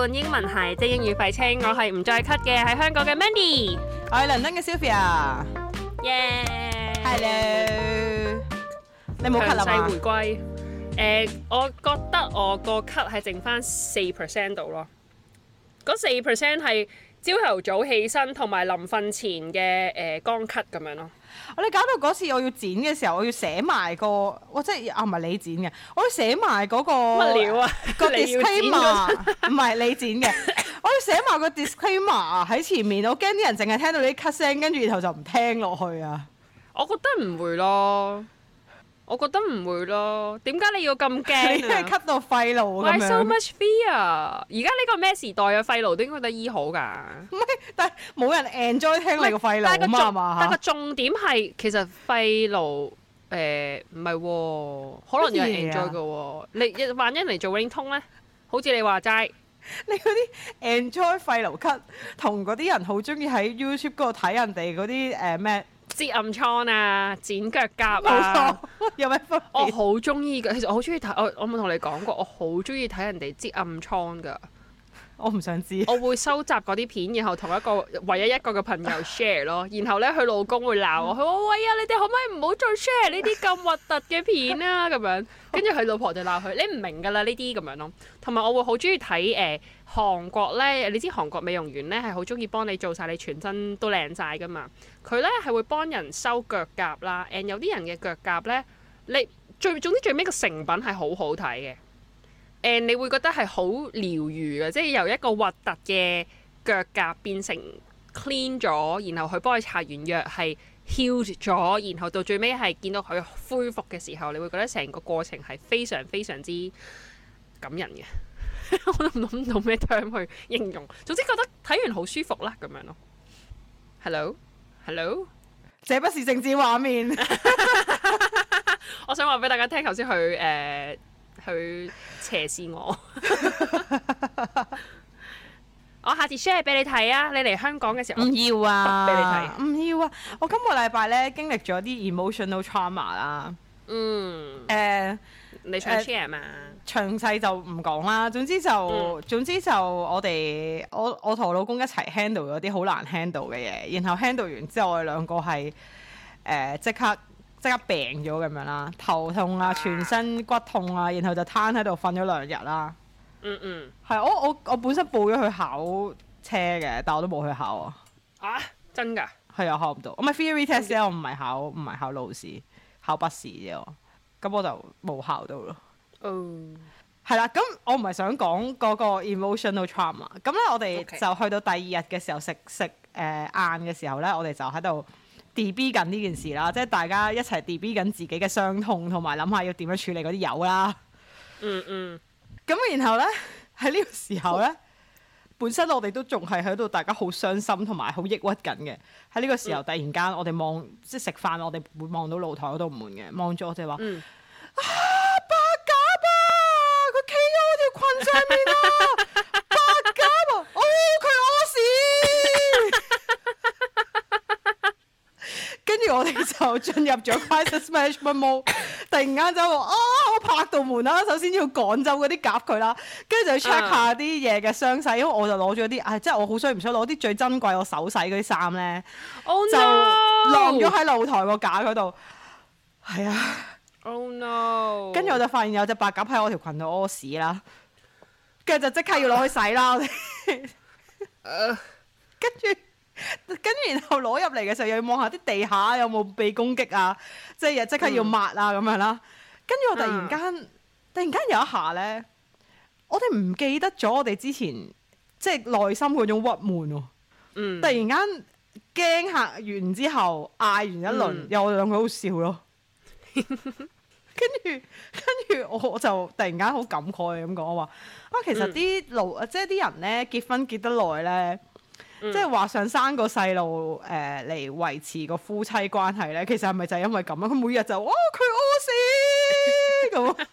喚英文係，即英語廢青。我係唔再咳嘅，喺香港嘅 Mandy，我係倫敦嘅 Sylvia。Yeah，Hello，你冇咳啦嘛？強勢回歸，呃。我覺得我個咳係剩翻四 percent 度咯。嗰四 percent 係朝頭早起身同埋臨瞓前嘅誒乾咳咁樣咯。我哋搞到嗰次我要剪嘅時候，我要寫埋個，我即係啊唔係你剪嘅，我要寫埋嗰、嗰個，乜料啊，個 disclaimer，唔係 你， 你剪嘅，我要寫埋個 disclaimer 喺前面，我驚啲人淨係聽到啲 cut 聲，跟住然後就唔聽落去啊！我覺得唔會咯。我覺得唔會咯，點解你要咁驚啊？你因為咳到肺癆咁樣 Why so much fear？而家呢個咩時代嘅肺癆都應該得醫好㗎。唔係，但係冇人 enjoy 聽你肺個肺癆咁啊。但個重點係其實肺癆誒，唔係，可能有人 enjoy 㗎。你一萬一嚟做 link 通咧，好似你話齋，你嗰啲 enjoy 肺癆咳，同嗰啲人好中意喺 YouTube 嗰度睇人哋嗰啲誒咩？呃擠暗瘡啊，剪腳甲啊，冇錯，又 我好中意嘅，其實我好中意睇，我我冇同你講過，我好中意睇人哋擠暗瘡嘅。我唔想知。 我會收集嗰啲片，然後同一個唯一一個嘅朋友 share 咯。然後咧，佢老公會鬧我，佢話：喂啊，你哋可唔可以唔好再 share 呢啲咁核突嘅片啊？咁樣。跟住佢老婆就鬧佢，你唔明㗎啦，呢啲咁樣咯。同埋我會好中意睇誒韓國咧，你知韓國美容院咧係好中意幫你做晒你全身都靚晒㗎嘛。佢咧係會幫人修腳甲啦 and 有啲人嘅腳甲咧，你最總之最尾個成品係好好睇嘅。誒，你會覺得係好療愈嘅，即係由一個核突嘅腳甲變成 clean 咗，然後佢幫佢擦完藥係 heal 咗，然後到最尾係見到佢恢復嘅時候，你會覺得成個過程係非常非常之感人嘅。 我都諗唔到咩 term 去形容。總之覺得睇完好舒服啦，咁樣咯。Hello，hello，Hello? 這不是政治畫面。 我想話俾大家聽，頭先佢誒。Uh, 佢斜視我 我下次 share 俾你睇啊！你嚟香港嘅時候，唔要啊！ 俾你睇看，唔要啊！我今個禮拜咧經歷咗啲 emotional trauma 啦。嗯，誒、呃，你想 share 啊？詳細就唔講啦。總之就、嗯、總之就我哋我我同老公一齊 handle 咗啲好難 handle 嘅嘢，然後 handle 完之後，我哋兩個係誒即刻。即刻病咗咁樣啦，頭痛啊，全身骨痛啊，然後就攤喺度瞓咗兩日啦、嗯。嗯嗯，係我我我本身報咗去考車嘅，但我都冇去考啊。嚇、啊！真㗎？係又考唔到。Okay. 我咪 theory test 啫，我唔係考唔係考路試，考筆試啫。咁我就冇考到咯。哦、oh。係啦，咁我唔係想講嗰個 emotional trauma。咁咧，我哋就去到第二日嘅時候食食誒晏嘅時候咧，我哋就喺度。deb 緊呢件事啦，即係大家一齊 deb 緊自己嘅傷痛，同埋諗下要點樣處理嗰啲友啦。嗯嗯。咁然後呢，喺呢個時候呢， 本身我哋都仲係喺度，大家好傷心同埋好抑鬱緊嘅。喺呢個時候，突然間我哋望即係食飯，我哋會望到露台嗰度門嘅，望咗，我哋話：啊，白鴿啊，佢企喺我條裙上面啊！ 跟住我哋就進入咗《Crisis Smash Mode》突然間就話：啊、哦，我拍到門啦！首先要趕走嗰啲夾佢啦。跟住就 check 下啲嘢嘅傷勢，uh. 因為我就攞咗啲，啊，即係我好衰唔想攞啲最珍貴我手洗嗰啲衫咧，oh, no! 就晾咗喺露台個架嗰度。係啊。Oh no！跟住我就發現有隻白鴿喺我條裙度屙屎啦，跟住就即刻要攞去洗啦。跟住。跟然後攞入嚟嘅時候又要望下啲地下有冇被攻擊啊，即係又即刻要抹啊咁、嗯、樣啦。跟住我突然間，啊、突然間有一下咧，我哋唔記得咗我哋之前即係、就是、內心嗰種鬱悶哦。嗯、突然間驚嚇完之後，嗌完一輪，嗯、又兩個好笑咯。跟住跟住我我就突然間好感慨咁講話，啊其實啲老、嗯、即係啲人咧結婚結得耐咧。呢嗯、即係話想生個細路誒嚟維持個夫妻關係咧，其實係咪就係因為咁啊？佢每日就哇佢屙屎咁。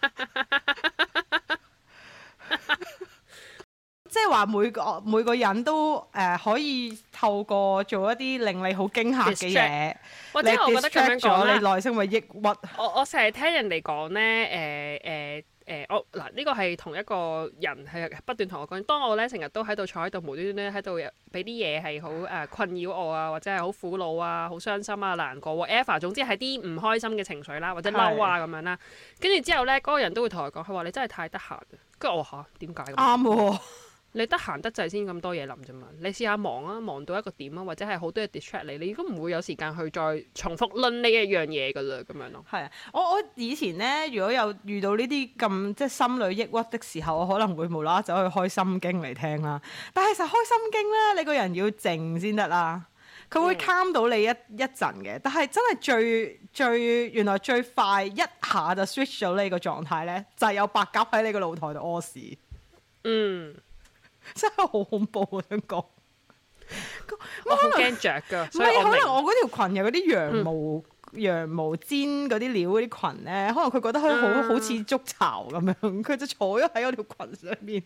即係話每個每個人都誒、呃、可以透過做一啲令你好驚嚇嘅嘢，或者 Dist ract. 我覺得咁樣講你內心會抑鬱。我我成日聽人哋講咧誒誒。呃呃誒我嗱呢個係同一個人係不斷同我講，當我咧成日都喺度坐喺度無端端喺度俾啲嘢係好誒困擾我啊，或者係好苦惱啊、好傷心啊、難過、啊。啊是總之係啲唔開心嘅情緒啦、啊，或者嬲啊咁樣啦，跟住之後咧嗰、這個人都會同我講，佢話你真係太得閒。跟住我嚇點解？啱、啊、喎。你得閒得滯先咁多嘢諗啫嘛！你試下忙啊，忙到一個點啊，或者係好多嘢 distress 你，你都唔會有時間去再重複 run 呢一樣嘢㗎啦，咁樣咯。係啊，我我以前咧，如果有遇到呢啲咁即係心裏抑鬱的時候，我可能會無啦啦走去開心經嚟聽啦。但係實開心經咧，你個人要靜先得啦，佢會 calm 到你一、嗯、一陣嘅。但係真係最最原來最快一下就 switch 咗呢個狀態咧，就係、是、有白鴿喺你個露台度屙屎。嗯。真係好恐怖，我想講， 能 我好驚着噶，唔係可能我嗰條裙有嗰啲羊毛、嗯、羊毛氈嗰啲料嗰啲裙咧，可能佢覺得佢、呃、好好似築巢咁樣，佢就坐咗喺我條裙上面。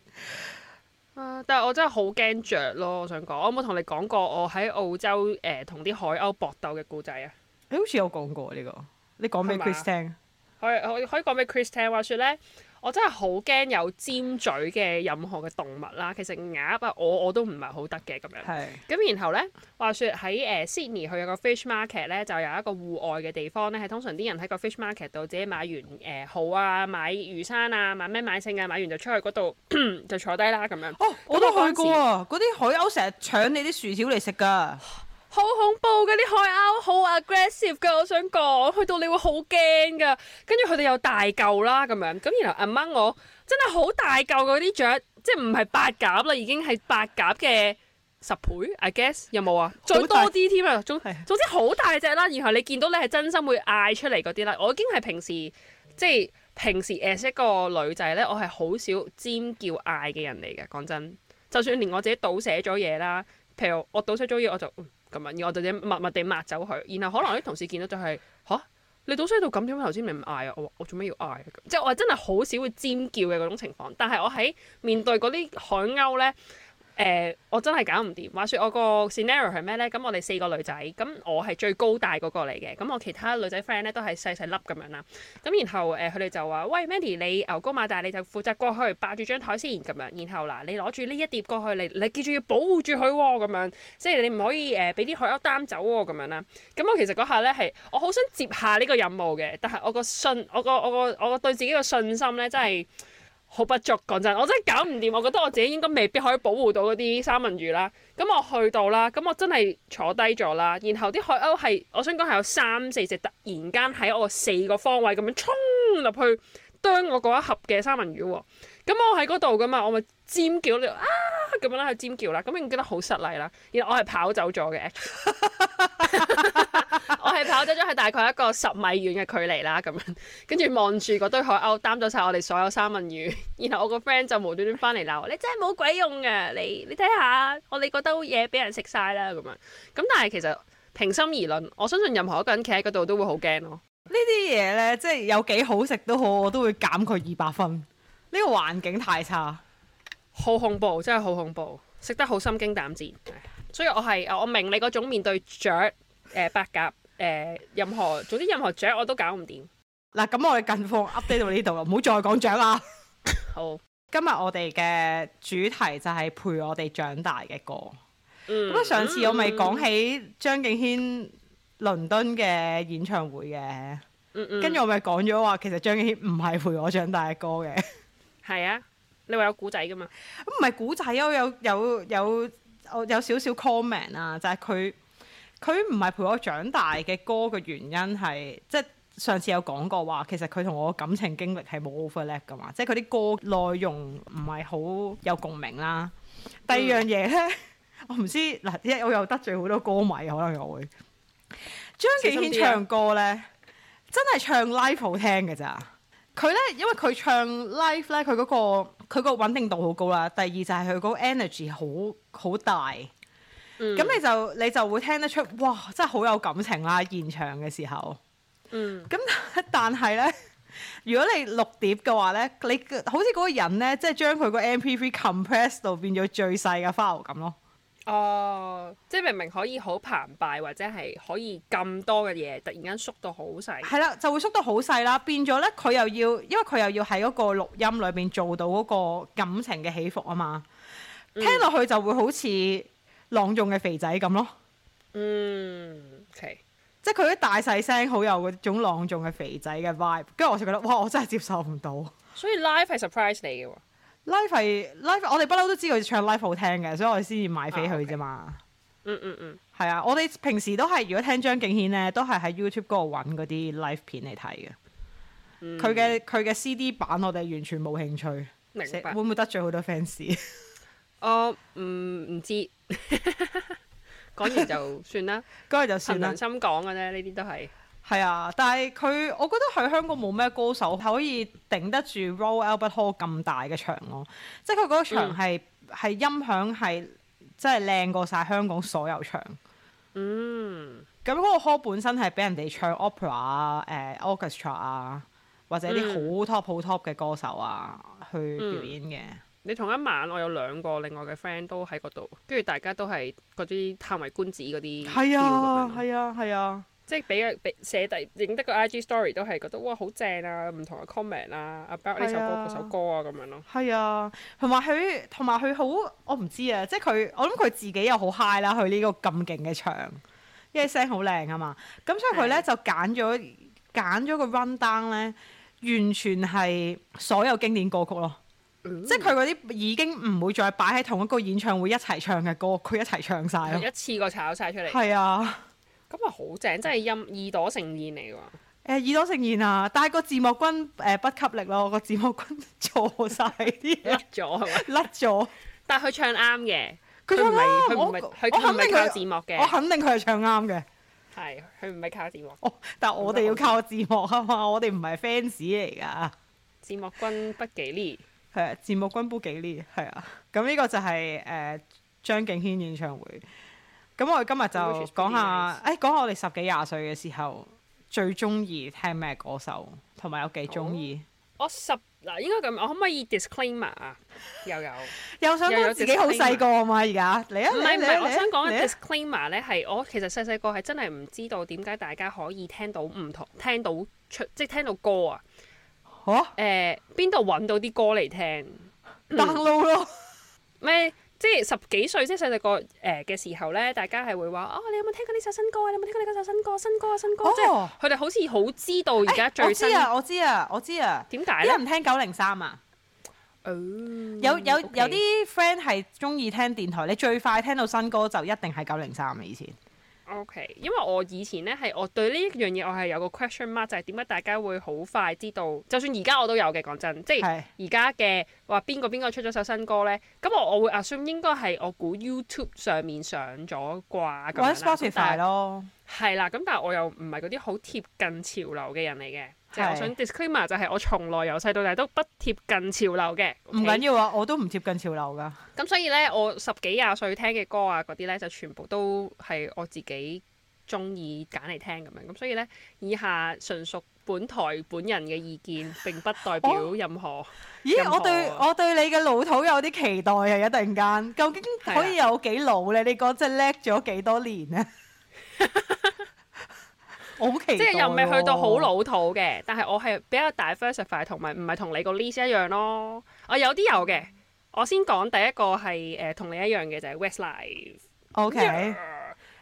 啊！ 但係我真係好驚着咯，我想講，我冇同你講過我喺澳洲誒同啲海鷗搏鬥嘅故仔啊？你好似有講過呢個，你講俾 Chris 聽，可以可以可以講俾 Chris 聽，話說咧。我真係好驚有尖嘴嘅任何嘅動物啦，其實鴨啊，我我都唔係好得嘅咁樣。係咁是，然後咧話說喺誒 Sydney 去有個 fish market 咧，就有一個戶外嘅地方咧，係通常啲人喺個 fish market 度自己買完誒、呃、蠔啊，買魚生啊，買咩買剩啊，買完就出去嗰度 就坐低啦咁樣。哦，我都去過、啊，嗰啲海鷗成日搶你啲薯條嚟食㗎。好恐怖嗰啲海鷗，好 aggressive 噶。我想講去到你會好驚噶。跟住佢哋有大嚿啦，咁樣咁。然後阿媽我真係好大嚿嗰啲雀，即係唔係白鴿啦，已經係白鴿嘅十倍。I guess 有冇啊？再多啲添啊！大總之好大隻啦。 然後你見到你係真心會嗌出嚟嗰啲咧，我已經係平時即係平時 as 一個女仔呢，我係好少尖叫嗌嘅人嚟嘅。講真，就算連我自己倒瀉咗嘢啦，譬如我倒瀉咗嘢我就。嗯咁樣，我就點默默地抹走佢。然後可能啲同事見到就係、是、嚇， 你倒水到咁點解，頭先你唔嗌啊！我話我做咩要嗌啊？咁即係我係真係好少會尖叫嘅嗰種情況。但係我喺面對嗰啲海鷗咧。誒、呃，我真係搞唔掂。話説我個 scenario 係咩呢？咁我哋四個女仔，咁我係最高大嗰個嚟嘅。咁我其他女仔 friend 咧都係細細粒咁樣啦。咁然後誒，佢、呃、哋就話，喂，Mandy，你牛高馬大，你就負責過去霸住張台先咁樣。然後嗱，你攞住呢一碟過去你你，你記住要保護住佢喎，咁樣。即係你唔可以誒，俾、呃、啲海鷗擔走喎，咁樣啦。咁我其實嗰下呢係，我好想接下呢個任務嘅，但係我個信，我個我個我，我，我，我對自己個信心呢，真係～真好不足，講真，我真係搞唔掂。我覺得我自己應該未必可以保護到嗰啲三文魚啦。咁我去到啦，咁我真係坐低咗啦。然後啲海鷗係，我想講係有三四隻突然間喺我四個方位咁樣衝入去啄我嗰一盒嘅三文魚喎。咁、嗯、我喺嗰度噶嘛，我咪尖叫你度啊咁樣啦，去尖叫啦，咁你唔覺得好失禮啦。然後我係跑走咗嘅， 我係跑走咗，係大概一個十米遠嘅距離啦，咁樣跟住望住嗰堆海鷗擔咗晒我哋所有三文魚。然後我個 friend 就無端端翻嚟鬧我，你真係冇鬼用嘅，你你睇下，我哋嗰兜嘢俾人食晒啦，咁樣。咁但係其實平心而論，我相信任何一個人企喺嗰度都會、就是、好驚咯。呢啲嘢咧，即係有幾好食都好，我都會減佢二百分。呢個環境太差，好恐怖，真係好恐怖，食得好心驚膽戰。所以我係，我明你嗰種面對雀、誒、呃、八甲、誒、呃、任何，總之任何雀我都搞唔掂。嗱，咁我哋近況 update 到呢度啦，唔好 再講雀啦。 好，今日我哋嘅主題就係陪我哋長大嘅歌。咁、嗯、上次我咪講起張敬軒倫敦嘅演唱會嘅，跟住、嗯嗯、我咪講咗話，其實張敬軒唔係陪我長大嘅歌嘅。係啊，你話有古仔噶嘛？咁唔係古仔，我有有有我有少少 comment 啊，就係佢佢唔係陪我長大嘅歌嘅原因係，即係上次有講過話，其實佢同我感情經歷係冇 overlap 噶嘛，即係佢啲歌內容唔係好有共鳴啦。第二樣嘢咧，嗯、 我唔知嗱，一我又得罪好多歌迷，可能我會張敬軒唱歌咧，真係唱 live 好聽嘅咋？佢咧，因為佢唱 live 咧、嗰個，佢個佢個穩定度好高啦。第二就係佢個 energy 好好大，咁、嗯、你就你就會聽得出，哇！真係好有感情啦，現場嘅時候。嗯。咁 但係咧，如果你錄碟嘅話咧，你好似個人咧，即係將佢個 MP3 compress 到變咗最細嘅 file 咁咯。哦，oh, 即係明明可以好澎湃或者係可以咁多嘅嘢，突然間縮到好細，係啦，就會縮到好細啦，變咗咧佢又要，因為佢又要喺嗰個錄音裏邊做到嗰個感情嘅起伏啊嘛，聽落去就會好似朗誦嘅肥仔咁咯。嗯、mm，hmm. okay. 即係佢啲大細聲好有嗰種朗誦嘅肥仔嘅 vibe，跟住我就覺得哇，我真係接受唔到。所以 live 係 surprise 你嘅喎。live 係 live，我哋不嬲都知道佢唱 live 好聽嘅，所以我哋先至買飛佢啫嘛。嗯嗯嗯，係啊，我哋平時都係如果聽張敬軒咧，都係喺 YouTube 嗰度搵嗰啲 live 片嚟睇嘅。佢嘅佢嘅 CD 版，我哋完全冇興趣。明白。會唔會得罪好多 fans？我唔唔知。講 完就算啦，嗰個 就算啦。憑良心講嘅啫，呢啲都係。係啊，但係佢，我覺得佢香港冇咩歌手係可以頂得住 Royal Albert Hall 咁大嘅場咯。即係佢嗰場係係、嗯、音響係真係靚過晒香港所有場。嗯，咁嗰個 hall 本身係俾人哋唱 opera 啊、誒、呃、orchestra 啊，或者啲好 top 好 top 嘅歌手啊去表演嘅、嗯嗯。你同一晚，我有兩個另外嘅 friend 都喺嗰度，跟住大家都係嗰啲歎為觀止嗰啲，係啊，係啊，係啊。即係俾佢俾寫得、影得個 IG story 都係覺得哇，好正啊！唔同嘅 comment 啊 about 呢首歌、嗰首歌啊，咁樣咯。係啊，同埋佢，同埋佢好，我唔知啊。即係佢，我諗佢自己又好 high 啦。佢呢個咁勁嘅唱，因為聲好靚啊嘛。咁所以佢咧就揀咗揀咗個 run down 咧，完全係所有經典歌曲咯。嗯、即係佢嗰啲已經唔會再擺喺同一個演唱會一齊唱嘅歌，佢一齊唱晒咯、啊，一次過炒晒出嚟。係啊。咁啊，好正！真係音耳朵盛宴嚟喎。誒、欸，耳朵盛宴啊，但係個字幕君誒、呃、不給力咯，個字幕君錯晒啲嘢， 甩、呃、咗。但係佢唱啱嘅。佢唔係佢唔係佢唔係靠字幕嘅。我肯定佢係唱啱嘅。係， 佢唔係靠字幕、哦。但係我哋要靠字幕啊嘛，我哋唔係 fans 嚟㗎。字幕君不吉利係啊，字幕君不吉利係啊。咁呢個就係誒張敬軒演，演唱會。咁我哋今日就、nice. 講下，誒、哎、講下我哋十幾廿歲嘅時候最中意聽咩歌手，同埋有幾中意。我十嗱應該咁，我可唔可以 disclaimer 啊？又有 又想講自己好細個啊嘛，而家你啊！唔係唔係，我想講嘅 disclaimer 咧係，啊、我其實細細個係真係唔知道點解大家可以聽到唔同聽到出即聽到歌啊！嚇誒邊度揾到啲歌嚟聽？download 咯咩？ 嗯 即係十幾歲，即係細細個誒嘅時候咧，大家係會話哦，你有冇聽過呢首新歌啊？你有冇聽過呢首新歌？新歌啊，新歌，oh. 即係佢哋好似好知道而家最新、欸、我知啊！我知啊，我知啊，點解你唔聽九零三啊？Um, 有有有啲 friend 係中意聽電台，okay. 你最快聽到新歌就一定係九零三啊！以前。O.K.，因為我以前咧係我對呢一樣嘢，我係有個 question mark，就係點解大家會好快知道？就算而家我都有嘅，講真，即係而家嘅話邊個邊個出咗首新歌咧？咁我我會 assume 應該係我估 YouTube 上面上咗啩，或者 Spotify 咯，係 Spotify? 啦。咁但係我又唔係嗰啲好貼近潮流嘅人嚟嘅。即係我想 disclaimer 就係，我從來由細到大都不貼近潮流嘅。唔緊要啊，我都唔貼近潮流㗎。咁 所以呢，我十幾廿歲聽嘅歌啊，嗰啲呢，就全部都係我自己中意揀嚟聽咁樣。咁所以呢，以下純屬本台本人嘅意見，並不代表任何。咦何、啊我，我對我對你嘅老土有啲期待啊！一突然間，究竟可以有幾老呢？你講只叻咗幾多年呢？我好期待、哦、即係又未去到好老土嘅，但係我係比較大 versatile 同埋唔係同你個 list 一樣咯。我、啊、有啲有嘅，我先講第一個係誒同你一樣嘅就係、是、Westlife。O.K.、Yeah.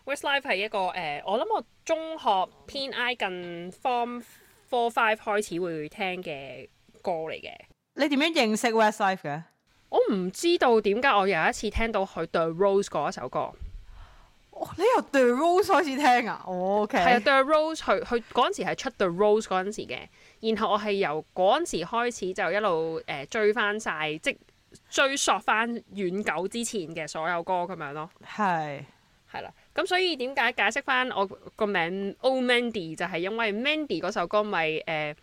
Westlife 係一個誒、呃，我諗我中學偏 I 近 form four five 開始會聽嘅歌嚟嘅。你點樣認識 Westlife 嘅？我唔知道點解我有一次聽到佢對 Rose 嗰一首歌。哦、你由 The Rose 開始聽啊，哦，OK，係啊，The Rose 佢佢嗰陣時係出 The Rose 嗰陣時嘅，然後我係由嗰陣時開始就一路誒、呃、追翻晒，即追索翻遠久之前嘅所有歌咁樣咯，係係啦，咁所以點解解釋翻我個名 Oh Mandy 就係、是、因為 Mandy 嗰首歌咪、就、誒、是？呃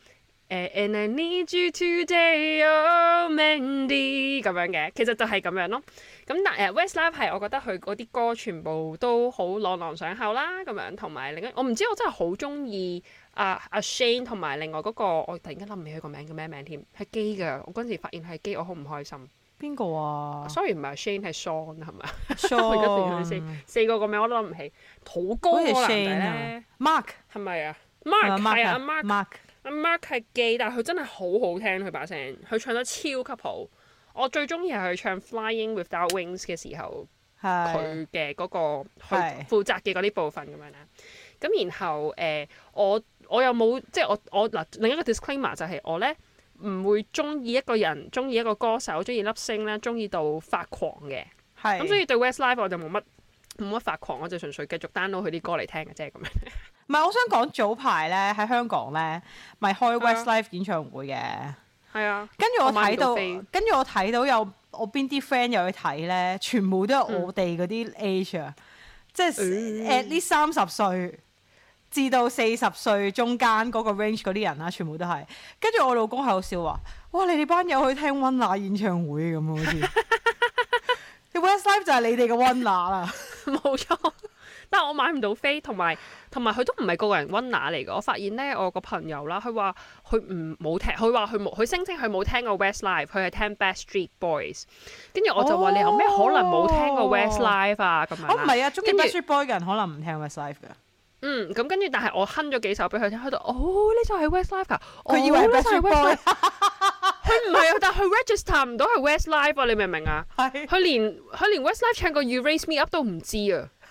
And I need you today，oh，Mandy 咁樣嘅，其實就係咁樣咯。咁但、呃、Westlife 係我覺得佢嗰啲歌全部都好朗朗上口啦，咁樣同埋另外一我唔知我真係好中意阿阿 Shane 同埋另外嗰、嗰個我突然間諗唔起佢個名叫咩名添，係基㗎。我嗰陣時發現係 gay，我好唔開心。邊個啊？Sorry，唔係 Shane 係 Sean 係咪啊？Sean 而家 四四個個名，我諗唔起。土哥可能係咧。Mark 係咪啊？Mark 係啊，Mark。Mark. 阿 Mark 係 gay，但係佢真係好好聽佢把聲，佢唱得超級好。我最中意係佢唱《Flying Without Wings》嘅時候，佢嘅嗰個負責嘅嗰啲部分咁樣啦。咁是然後誒、呃，我我又冇即係我我嗱、呃、另一個 disclaimer 就係我咧唔會中意一個人，中意一個歌手，中意粒星咧，中意到發狂嘅。咁是，所以對 Westlife 我就冇乜冇乜發狂，我就純粹繼續 download 佢啲歌嚟聽嘅啫咁樣。 唔係，我想講早排咧喺香港咧，咪開 Westlife 演唱會嘅，係啊。跟住我睇到，跟住我睇到，到有我邊啲 friend 又去睇咧，全部都係我哋嗰啲 age 啊，嗯、即係 at least 三十歲至到四十歲中間嗰個 range 嗰啲人啦，全部都係。跟住我老公喺度笑話，哇！你哋班友去聽溫拿演唱會咁啊，好似 Westlife 就係你哋嘅溫拿啦，冇 錯。但係我買唔到飛，同埋同埋佢都唔係個個人溫拿嚟嘅。我發現咧，我個朋友啦，佢話佢唔冇聽，佢話佢冇，佢聲稱佢冇聽過 Westlife，佢係聽 Backstreet Boys。跟住我就話你有咩可能冇聽過 Westlife 啊？咁、哦、樣我唔係啊，中意 Backstreet Boys 嘅人著可能唔聽 Westlife 嘅。嗯，咁跟住，但係我哼咗幾首俾佢聽，佢都哦呢首係 Westlife 㗎，佢、啊、以為 Backstreet Boys 佢唔係啊，但係佢 register 唔到係 Westlife 啊，你明唔明啊？佢是連佢連 Westlife 唱過《You Raise Me Up》都唔知啊。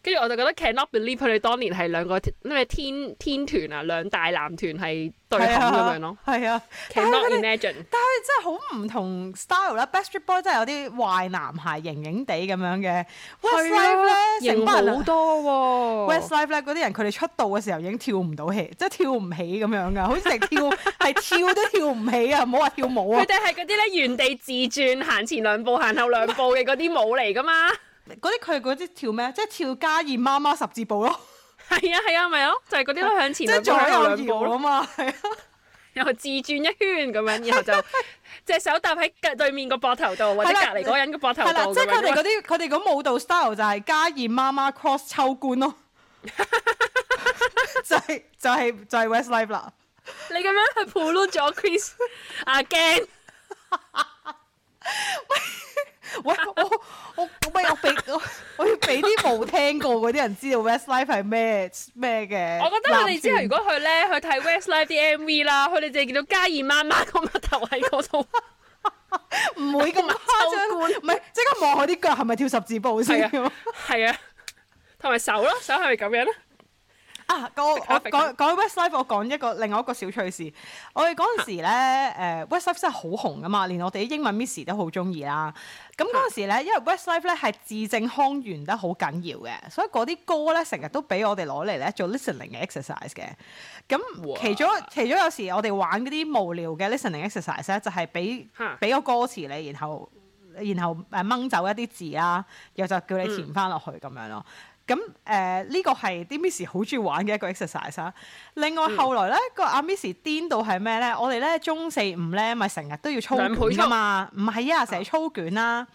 跟住我就覺得 can not believe 佢哋當年係兩個咩天天，天團啊，兩大男團係對抗咁樣咯。係啊，啊，can not imagine，但係真係好唔同 style 啦。Backstreet Boys 真係有啲壞男孩型型地咁樣嘅，Westlife 咧型好多喎、啊。Westlife 咧嗰啲人佢哋出道嘅時候已經跳唔到戲，即係跳唔起咁樣噶，好似成跳係 跳都跳唔起啊！唔好話跳舞啊，佢哋係嗰啲咧原地自轉行前兩步行後兩步嘅嗰啲舞嚟噶嘛。 嗰啲佢嗰啲跳咩？即係跳家燕媽媽十字步咯。係啊係啊，咪、 就是、咯，就係嗰啲都向前。即係再有兩步啊嘛，係啊，然後自轉一圈咁樣，然後就隻 手搭喺對面個膊頭度，或者隔離嗰人個膊頭度。啦是、啊 啊，即係佢哋嗰啲，佢哋舞蹈 style 就係家燕媽媽 cross 秋官咯， 就係就係就係 Westlife 啦 。 你咁樣去 pollute 咗 Chris again 喂，我我我咪我俾我要俾啲冇聽過嗰啲人知道 Westlife 係咩咩嘅。我覺得佢哋之後如果去咧去睇 Westlife 啲 MV 啦，佢哋淨係見到嘉義媽媽個頭喺嗰度，唔 會咁誇張，唔係即刻望佢啲腳係咪跳十字步先？係啊，同埋、啊、 手咯，手係咪咁樣咧？啊，我我講講 Westlife，我講一個另外一個小趣事。我哋嗰陣時咧，誒哈、呃、Westlife 真係好紅噶嘛，連我哋啲英文 miss 都好中意啦。咁嗰陣時咧，哈因為 Westlife 咧係字正腔圓得好緊要嘅，所以嗰啲歌咧成日都俾我哋攞嚟咧做 listening 嘅 exercise 嘅。咁其中哇其中有時我哋玩嗰啲無聊嘅 listening exercise 咧，就係俾俾個歌詞你，然後然後誒掹、啊、走一啲字啦，又就叫你填翻落去咁樣咯。嗯咁誒呢個係啲 Miss 好中意玩嘅一個 exercise 啦。另外、嗯、後來咧，個阿 Miss 癲到係咩咧？我哋咧中四五咧咪成日都要操卷噶嘛，唔係一日寫操卷啦。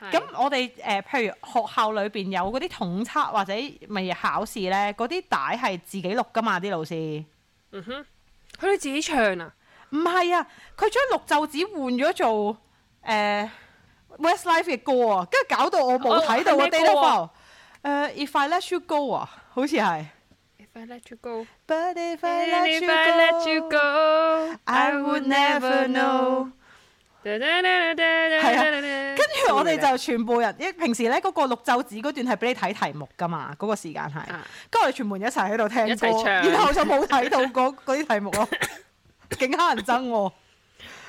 咁、啊、我哋誒、呃、譬如學校裏邊有嗰啲統測或者咪考試咧，嗰啲帶係自己錄噶嘛啲老師。嗯、哼，佢哋自己唱啊？唔係啊，佢將綠袖子換咗做誒、呃、Westlife 嘅歌啊，跟住搞到我冇睇到啊！Uh, if I let you go 啊，uh，好似係。If I let you go, but if I let you go, I, let you go I would never know。係啊，跟住我哋就全部人，因平時咧嗰個綠袖子嗰段係俾你睇題目㗎嘛，嗰個時間係，跟住我哋全部人一齊喺度聽，一齊唱，然後就冇睇到嗰啲題目咯，勁蝦人憎我。跟住 Good 我哋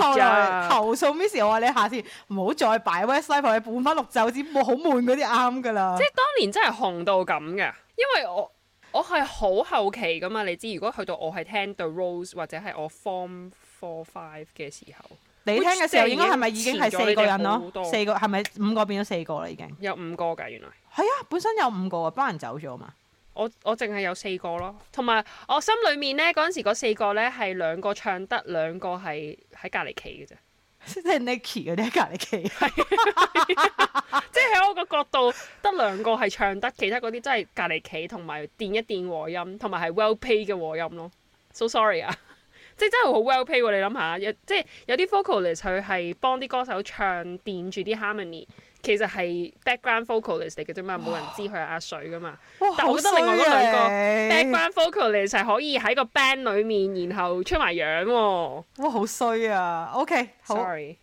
後來 Good job. 投訴 Miss，我話你下次唔好再擺 Westlife 你換翻綠袖子，冇好悶嗰啲啱噶啦。即係當年真係紅到咁嘅，因為我我係好後期噶嘛，你知如果去到我係聽 The Rose 或者係我 Form Four Five 嘅時候，你聽嘅時候應該係咪已經係四個人咯？四個係咪五個變咗四個啦？已經有五個㗎，原來係啊，本身有五個啊，班人走咗嘛。我我淨係有四個咯，同埋我心裏面咧嗰陣時嗰四個咧係兩個唱得，兩個係喺隔離企嘅啫。啊、 即係 Nicky 嗰啲喺隔離企，係即係喺我個角度得兩個係唱得，其他嗰啲真係隔離企，同埋墊一墊和音，同埋係 well pay 嘅和音咯。So sorry 啊， 即係真係好 well pay 喎、啊！你諗下、啊，即有即係有啲 vocalist 佢係幫啲歌手唱墊住啲 harmony。其實係 background vocalist 嚟嘅啫嘛，冇人知佢係阿水噶嘛。哇！好衰啊。但係我覺得另外嗰兩個 background vocalist 係可以喺個 band 裏面，然後出埋樣喎。哇！好衰啊。OK，好。Sorry。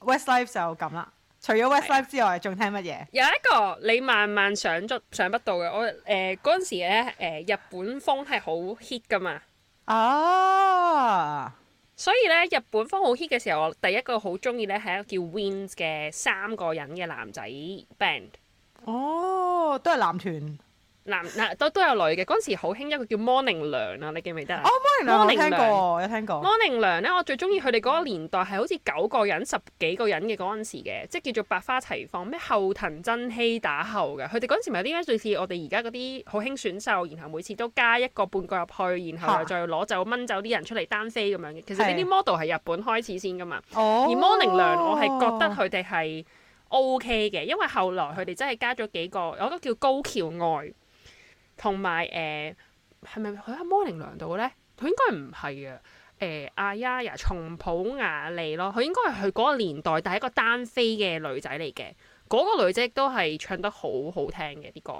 Westlife 就咁啦。除咗 Westlife 之外，仲對聽乜嘢？有一個你慢慢想，想不到嘅，我誒嗰陣時咧誒、呃、日本風係好 hit 噶嘛。哦、啊。所以咧，日本風好 hit 嘅時候，我第一個好中意咧，係一個叫 Winds 嘅三個人嘅男仔 band。哦，都係男團。嗱嗱都都有女嘅，嗰陣時好興一個叫 Morning 娘啊，你記唔記得啊？哦、oh，Morning 娘 Morning 我聽過，有聽過。Morning 娘咧，我最中意佢哋嗰個年代係好似九個人、十幾個人嘅嗰陣時嘅，即係叫做百花齊放咩？後藤真希打後嘅，佢哋嗰陣時咪啲咩類似我哋而家嗰啲好興選秀，然後每次都加一個半個入去，然後又再攞走掹走啲人出嚟單飛咁樣嘅。啊、其實呢啲 model 係日本開始先噶嘛，是而 Morning 娘我係覺得佢哋係 OK 嘅，哦、因為後來佢哋真係加咗幾個，我覺得叫高橋愛。同埋誒係咪佢喺 Morning 娘度咧？佢、呃、應該唔係啊。誒阿雅也松浦雅麗咯，佢應該係佢嗰個年代，但係一個單飛嘅女仔嚟嘅。嗰、那個女仔亦都係唱得好好聽嘅啲歌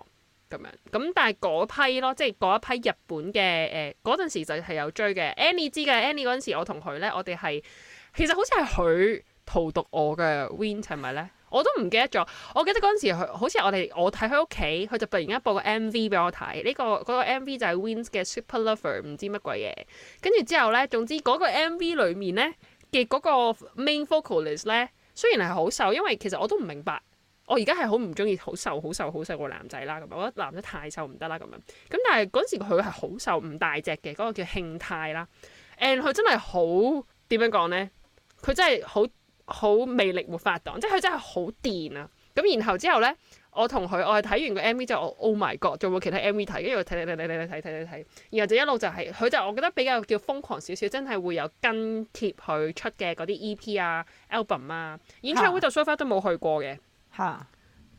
咁樣。咁但係嗰批咯，即係嗰一批日本嘅誒嗰陣時就係有追嘅。Annie 知嘅 Annie 嗰陣時我，我同佢咧，我哋係其實好似係佢荼毒我嘅 Win 係咪咧？我都唔記得咗，我記得嗰陣時佢好似我哋我睇佢屋企，佢就突然間播個 MV 俾我睇，呢個嗰個 MV 就係 Wins 嘅 Super Lover，唔知乜鬼嘢。跟住之後咧，總之嗰個 MV 裏面咧嘅嗰個 main focus 咧，雖然係好瘦，因為其實我都唔明白，我而家係好唔中意好瘦、好瘦、好瘦個男仔啦。咁我覺得男仔太瘦唔得啦。咁樣咁，但係嗰陣時佢係好瘦、唔大隻嘅嗰個叫慶太啦。誒，佢真係好點樣講咧？佢真係好。好魅力冇法擋，即係佢真係好電啊！咁然後之後呢，我同佢我係睇完個 M V 之後，我 oh my god，仲有冇其他 M V 睇，跟住我睇睇睇睇睇睇睇睇睇睇，然後就一路就係、是、佢就我覺得比較叫瘋狂少少，真係會有跟貼佢出嘅嗰啲 E P 啊、album 啊，演唱會就 so far 都冇去過嘅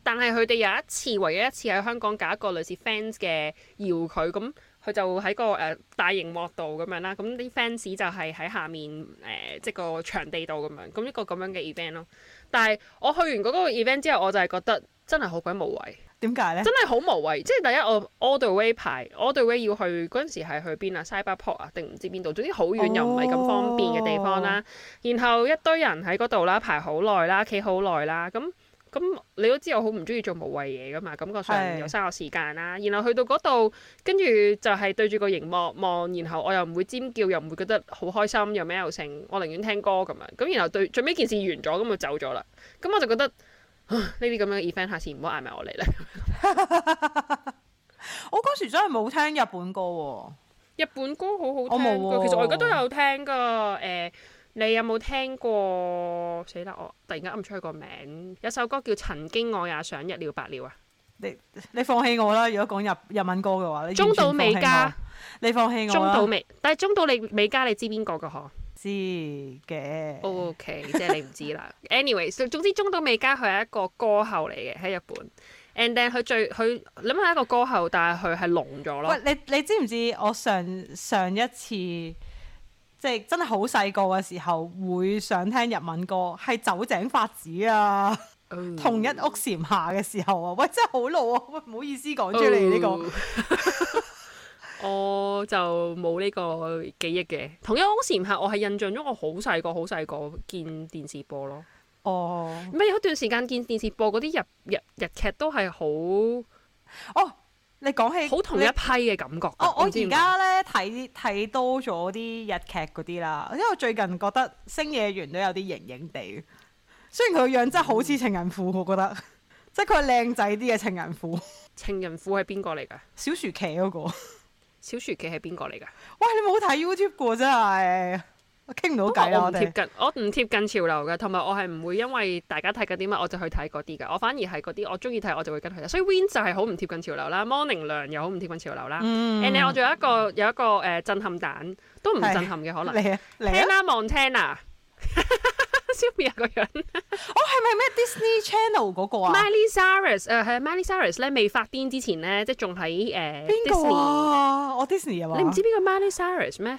但係佢哋有一次唯一一次喺香港搞一個類似 fans 嘅搖佢咁。佢就喺個誒、呃、大螢幕度咁樣啦，咁啲 fans 就係喺下面誒、呃，即係個場地度咁樣，咁一個咁樣嘅 event 咯。但係我去完嗰個 event 之後，我就係覺得真係好鬼無謂。點解咧？真係好無謂，無謂即係第一我 all the way 排，all the way 要去嗰陣時係去邊啊？Cyberport 啊，定唔知邊度？總之好遠又唔係咁方便嘅地方啦。Oh. 然後一堆人喺嗰度啦，排好耐啦，企好耐啦，咁。咁你都知我好唔中意做無謂嘢噶嘛？感覺上又嘥我時間啦、啊，是然後去到嗰度，跟住就係對住個熒幕望，然後我又唔會尖叫，又唔會覺得好開心，又咩又剩，我寧願聽歌咁樣。咁然後對最尾件事完咗，咁就走咗啦。咁我就覺得呢啲咁樣 event 下次唔好嗌埋我嚟啦。 我嗰時真係冇聽日本歌喎、哦，日本歌好好聽。啊、其實我而家都有聽個誒。呃你有冇聽過？死啦！我突然間噏唔出個名。有首歌叫《曾經我也想一了百了》啊。你你放棄我啦！如果講日日文歌嘅話，中島美嘉。你放棄我，放棄我中島美，美，但係中島美嘉，你知邊個嘅可？知嘅道。 o、okay, K，即係你唔知啦。Anyway，總之中島美嘉佢係一個歌後歌后嚟嘅，喺日本。And then 佢最佢諗下一個歌后，但係佢係聾咗咯。喂，你你知唔知我上上一次？你真係好細個嘅時候會想聽日文歌，係《酒井法子》啊，《同一屋檐下》嘅時候啊，喂，真係好老啊，喂，唔好意思講出嚟呢、嗯呢個。 我就冇呢個記憶嘅，《同一屋檐下》我係印象中我好細個，好細個見電視播咯。哦、嗯，咪有段時間見電視播嗰啲日日日劇都係好哦。你講起好同一批嘅感覺。哦、我我而家咧睇睇多咗啲日劇嗰啲啦，因為我最近覺得星野源都有啲型型哋，雖然佢個樣真係好似情人褲，嗯、我覺得，即係佢係靚仔啲嘅情人褲。情人褲係邊個嚟㗎？小薯茄嗰、那個。小薯茄係邊個嚟㗎？喂，你冇睇 YouTube 㗎真係。我傾唔到偈啊！我唔貼近，是我唔貼近潮流嘅，同埋我係唔會因為大家睇緊啲乜，我就去睇嗰啲嘅。我反而係嗰啲我中意睇，我就會跟佢睇。所以 Wins 就係好唔貼近潮流啦，Morning 娘又好唔貼近潮流啦。嗯、And 我仲有一個有一個誒震撼彈，都唔震撼嘅可能。嚟啊嚟啊！聽啦望聽啊，消失 a 個人。我係咪咩 Disney Channel 嗰個啊？Miley Cyrus 誒係 Miley Cyrus 咧，未發癲之前咧，即係仲喺誒。邊、呃、個啊？Disney，我 Disney 啊嘛？你唔知邊個 Miley Cyrus 咩？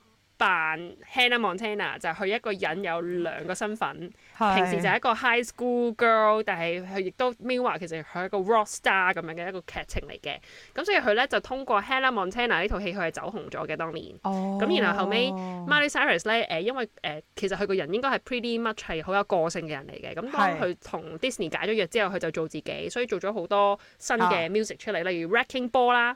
扮 Hannah Montana 就佢一個人有兩個身份，是平時就係一個 high school girl，但係佢亦都 Miley 其實係一個 rock star 咁樣嘅一個劇情嚟嘅，咁所以佢咧就通過 Hannah Montana 呢套戲佢係走紅咗嘅當年，咁、哦、然後後尾 Miley Cyrus 咧誒、呃、因為誒、呃、其實佢個人應該係 pretty much 係好有個性嘅人嚟嘅，咁當佢同 Disney 是解咗約之後，佢就做自己，所以做咗好多新嘅 music 出嚟，啊、例如 Wrecking Ball 啦。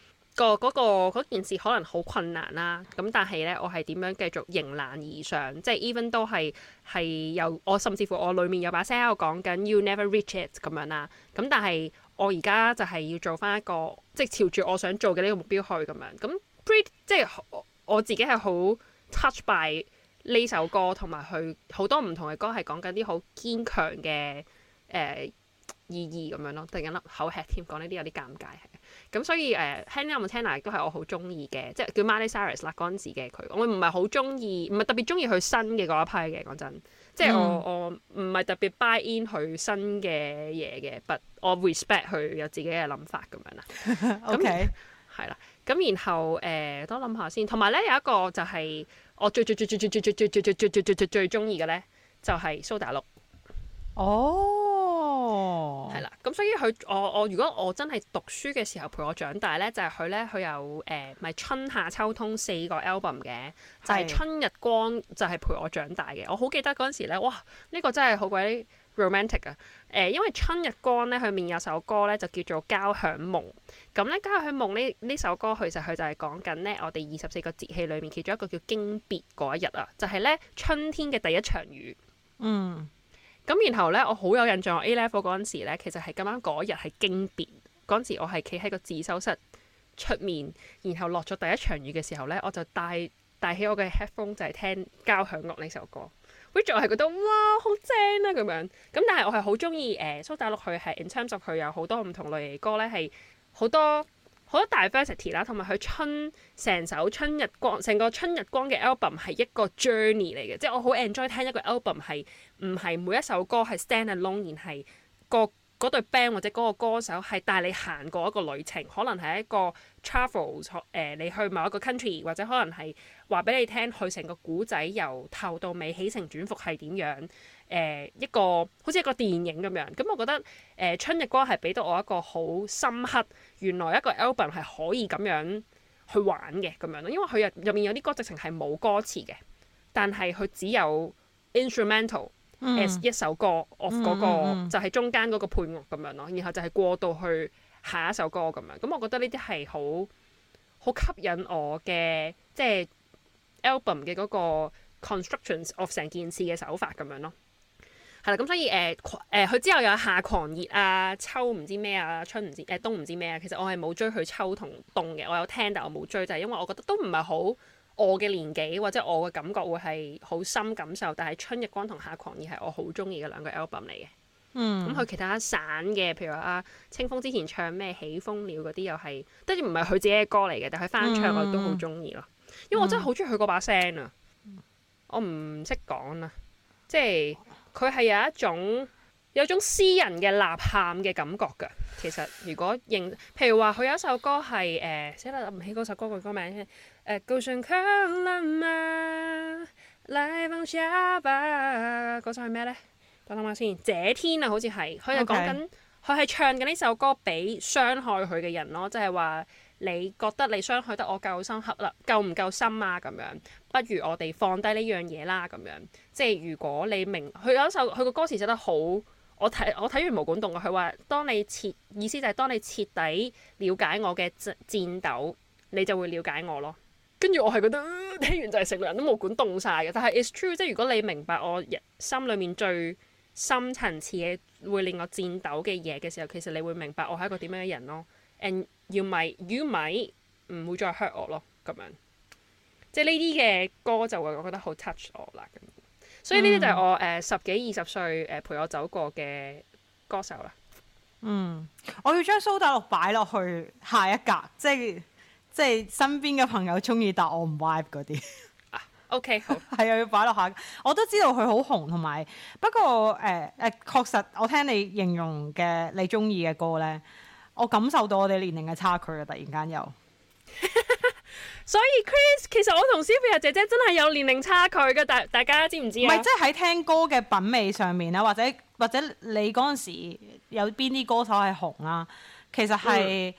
個嗰個嗰件事可能好困難啦，咁但係咧，我係點樣繼續迎難而上？即係 even 都係係有我，甚至乎我裏面有把聲，我講緊 You Never Reach It 咁樣啦。咁但係我而家就係要做翻一個，即係朝住我想做嘅呢個目標去咁樣。咁 r e a t 即係我，我自己係好 touch by 呢首歌，同埋佢好多唔同嘅歌係講緊啲好堅強嘅誒、呃、意義咁樣咯。突然間粒口吃添，講呢啲有啲尷尬。咁所以誒，Hannah Montana 亦都係我好中意嘅，即係叫 Miley Cyrus 啦，嗰陣時嘅佢。我唔係好中意，唔係特別中意佢新嘅嗰一批嘅，講真。即係我我唔係特別 buy in 佢新嘅嘢嘅，but 我 respect 佢有自己嘅諗法咁樣啦。OK 係啦，咁然後誒，多諗下先。同埋咧，有一個就係我最最最最最最最最最最最最最最最中意嘅咧，就係蘇打綠。哦。哦，係啦、oh.，咁所以佢我我如果我真係讀書嘅時候陪我長大咧，就係佢咧佢有誒咪、呃、春夏秋冬四個 album 嘅，就係、是、春日光就係陪我長大嘅。是我好記得嗰陣時咧，哇，呢、這個真係好鬼 romantic 啊！誒、呃，因為春日光咧，佢面有首歌咧就叫做交響夢，咁咧交響夢呢呢首歌其實佢就係講緊咧我哋二十四個節氣裏面其中一個叫驚蟄嗰一日啊，就係、是、咧春天嘅第一場雨。嗯。咁然後咧，我好有印象，A level 嗰陣時咧，其實係咁啱嗰日係經典，嗰陣時我係企喺個自修室出面，然後落咗第一場雨嘅時候咧，我就戴戴起我嘅 headphone 就係聽交響樂呢首歌，which 我係覺得哇，好正啦咁樣，咁但係我係好中意誒蘇打綠佢係 in terms of 佢有好多唔同類型嘅歌咧係好多。好多 diversity 啦，同埋佢春成首春日光，成個春日光嘅 album 係一個 journey 嚟嘅，即係我好 enjoy 聽一個 album 係唔係每一首歌係 standalone，而係個嗰對 band 或者嗰個歌手係帶你行過一個旅程，可能係一個 travel 錯、呃、誒，你去某一個 country 或者可能係話俾你聽，佢成個古仔由頭到尾起承轉伏係點樣。誒、呃、一個好似一個電影咁樣咁、嗯，我覺得誒、呃《春日歌》係俾到我一個好深刻。原來一個 album 係可以咁樣去玩嘅咁樣咯，因為佢入入面有啲歌直情係冇歌詞嘅，但係佢只有 instrumental、嗯、as 一首歌。of 嗰、那個、嗯嗯嗯、就係中間嗰個配樂咁樣咯，然後就係過渡去下一首歌咁樣。咁、嗯、我覺得呢啲係好好吸引我嘅，即係 album 嘅嗰個 constructions of 成件事嘅手法咁樣咯。係啦，咁所以誒誒，佢之後有夏狂熱啊、秋唔知咩啊、春唔知誒冬唔知咩啊。其實我係冇追佢秋同冬嘅，我有聽，但我冇追，就係因為我覺得都唔係好我嘅年紀或者我嘅感覺會係好深感受。但係春日光同夏狂熱係我好中意嘅兩個 album 嚟嘅。咁佢其他散嘅，譬如話啊，清風之前唱咩起風了嗰啲又係，當然唔係佢自己嘅歌嚟嘅，但佢翻唱我都好中意咯，因為我真係好中意佢嗰把聲啊。我唔識講啊，即係。佢係有一種有種私人嘅吶喊嘅感覺㗎。其實如果認，譬如話佢有一首歌係誒，死啦諗唔起嗰首歌嘅歌名，誒、啊，夠深刻嗎？來放下吧。嗰首係咩咧？等我諗下先。這天啊好，好似係佢係講緊，佢係 Okay. 唱緊呢首歌俾傷害佢嘅人咯，即係話你覺得你傷害得我夠深刻啦，夠唔夠深啊？咁樣。不如我哋放低呢樣嘢啦，咁樣即係如果你明，佢有一首佢個歌詞寫得好，我睇我睇完毛管戙。佢話當你徹，意思就係當你徹底了解我嘅戰抖，你就會了解我咯。跟住我係覺得聽完就係成個人都毛管戙曬嘅，但係 It's true，即係如果你明白我人心裏面最深層次嘅會令我戰抖嘅嘢嘅時候，其實你會明白我係一個點樣嘅人咯。And you might you might 唔會再 hurt 我咯，咁樣。即係呢啲嘅歌就會我覺得好 touch 我啦，咁所以呢啲就係我誒、嗯呃、十幾二十歲誒、呃、陪我走過嘅歌手啦。嗯，我要將蘇打綠擺落去下一格，即係即係身邊嘅朋友中意，但我唔 vibe 嗰啲。O K，好係啊，okay, 要擺落下，下一。我都知道佢好紅同埋，不過誒誒、呃，確實我聽你形容嘅你中意嘅歌咧，我感受到我哋年齡嘅差距啊！突然間又～ 所以 Chris，其實我同 Sylvia 姐姐真係有年齡差距嘅，大家大家知唔知？唔係，即係喺聽歌嘅品味上面啦，或者或者你嗰陣時有邊啲歌手係紅啦？其實係誒、嗯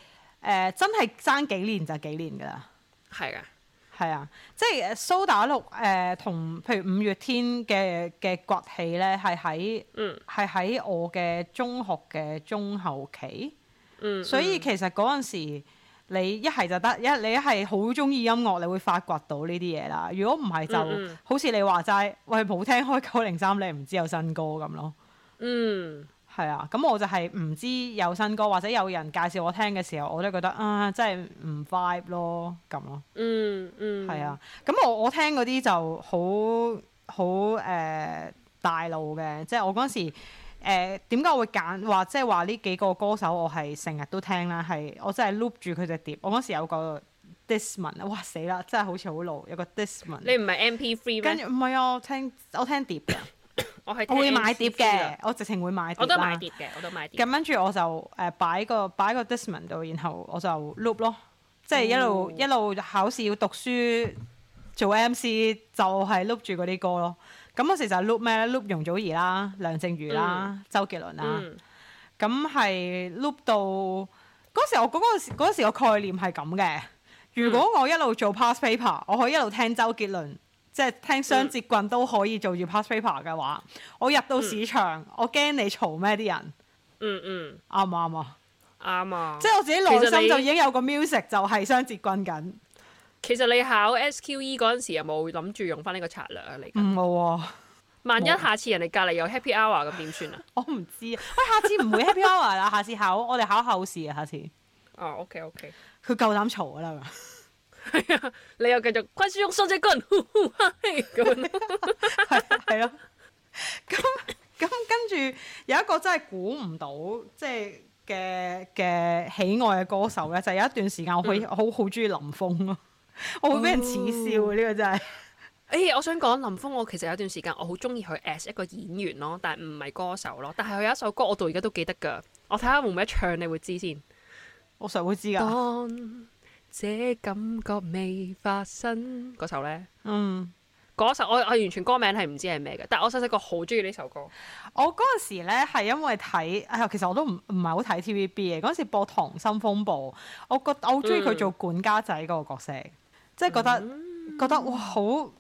呃、真係爭幾年就幾年噶啦，係噶係啊，即係蘇打綠誒同譬如五月天嘅嘅崛起咧，係喺嗯係喺我嘅中學嘅中後期嗯，所以其實嗰陣時。你一係就得一，你一係好中意音樂，你會發掘到呢啲嘢啦。如果唔係就好，好似你話齋，喂，冇聽開九零三，你唔知有新歌咁咯。嗯，係啊。咁我就係唔知有新歌，或者有人介紹我聽嘅時候，我都覺得、呃嗯嗯、啊，真係唔 vibe 咯咁咯。嗯嗯，係啊。咁我我聽嗰啲就好好誒大路嘅，即係我嗰時。誒點解我會揀話即係話呢幾個歌手我係成日都聽啦，係我真係 loop 住佢隻碟。我嗰時有個 Discman，哇死啦，真係好似好老。有個 Discman 你唔係 MP3 跟住唔係啊，我聽我聽碟嘅 我係我會買碟嘅，啊、我直情會買碟。我都買碟嘅，我都買碟。咁跟住我就誒、呃、擺個擺個 Discman 度，然後我就 loop 咯，即係一路、哦、一路考試要讀書做 MC 就係 loop 住嗰啲歌咯。咁嗰時就係 loop 咩咧 loop 容祖兒啦、梁靜茹啦、嗯、周杰倫啦。咁係 loop 到嗰時我，時我嗰個時嗰時個概念係咁嘅。如果我一路做 past paper，我可以一路聽周杰倫，即係聽雙截棍都可以做住 past paper 嘅話，我入到市場，嗯、我驚你嘈咩啲人？嗯嗯，啱唔啱啊？啱啊！即係我自己內心就已經有個 music 就係雙截棍緊。其實你考 SQE 嗰陣時有冇諗住用翻呢個策略啊？你冇喎，萬一下次人哋隔籬有 Happy Hour 咁點算啊？我唔知，喂，下次唔會 Happy Hour 啦，下次考我哋考後試啊，下次。哦，OK，OK，佢夠膽嘈啦嘛？係啊，你又繼續，快啲用雙截棍，係咯，咁咁跟住有一個真係估唔到即係嘅嘅喜愛嘅歌手咧，就有一段時間我好好好中意林峰咯。 我會俾人恥笑嘅呢個真係。誒、oh. 欸，我想講林峰，我其實有段時間我好中意佢 as 一個演員咯，但係唔係歌手咯。但係佢有一首歌我到而家都記得噶。我睇下會唔會一唱，你會知先。我實會知噶。當這感覺未發生。嗰首咧？嗯。嗰首我我完全歌名係唔知係咩嘅，但係我細細個好中意呢首歌。我嗰陣時咧係因為睇，哎其實我都唔唔係好睇 TVB 嘅。嗰陣時播《溏心風暴》，我覺得我好中意佢做管家仔嗰個角色。嗯即係覺得、mm hmm. 覺得哇，好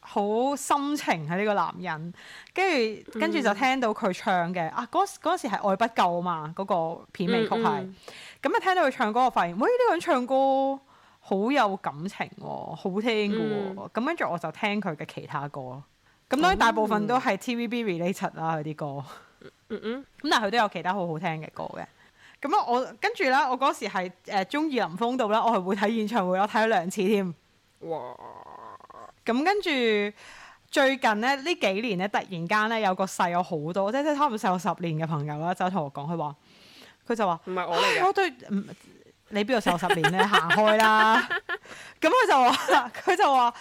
好深情係呢、呢個男人，跟住跟住就聽到佢唱嘅啊嗰嗰時係愛不夠嘛，嗰、嗰個片尾曲係咁啊，mm hmm. 聽到佢唱歌，我發現喂呢、呢個人唱歌好有感情喎，好聽嘅喎，咁跟住我就聽佢嘅其他歌，咁當然大部分都係 TVB related 啦佢啲歌，咁、 mm hmm. 但係佢都有其他好好聽嘅歌嘅。咁我跟住咧，我嗰時係誒鍾意林峰度咧，我係會睇演唱會，我睇咗兩次添。哇！咁跟住最近咧，呢幾年咧，突然間咧，有個細我好多，即係即係，差唔多細我十年嘅朋友啦，就同我講，佢話佢就話唔係我嚟嘅，我對你邊度細我十年咧，行開啦！咁佢 就話，佢就話、啊，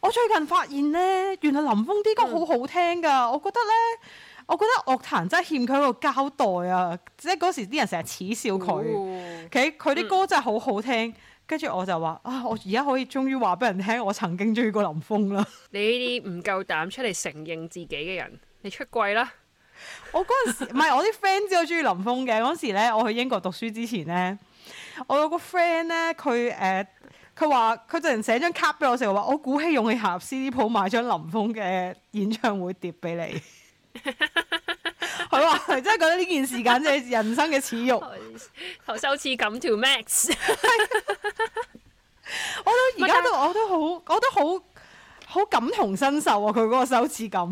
我最近發現咧，原來林峰啲歌好好聽噶，嗯、我覺得咧。我覺得樂壇真係欠佢一個交代啊！即係嗰時啲人成日恥笑佢，佢啲歌真係好好聽。跟住、嗯、我就話啊，我而家可以終於話俾人聽，我曾經中意過林峯啦。你呢啲唔夠膽出嚟承認自己嘅人，你出櫃啦 ！我嗰時唔係我啲 friend 知我中意林峯嘅嗰時咧，我去英國讀書之前咧，我有個 friend 咧，佢誒佢話佢突然寫張卡俾我，成日話我鼓起勇氣下入 CD 鋪買張林峯嘅演唱會碟俾你。佢話佢 真係覺得呢件事簡直係人生嘅恥辱，頭羞恥感 to max。 我到而家都，但 我都好，我都好好感同身受啊！佢嗰個羞恥感。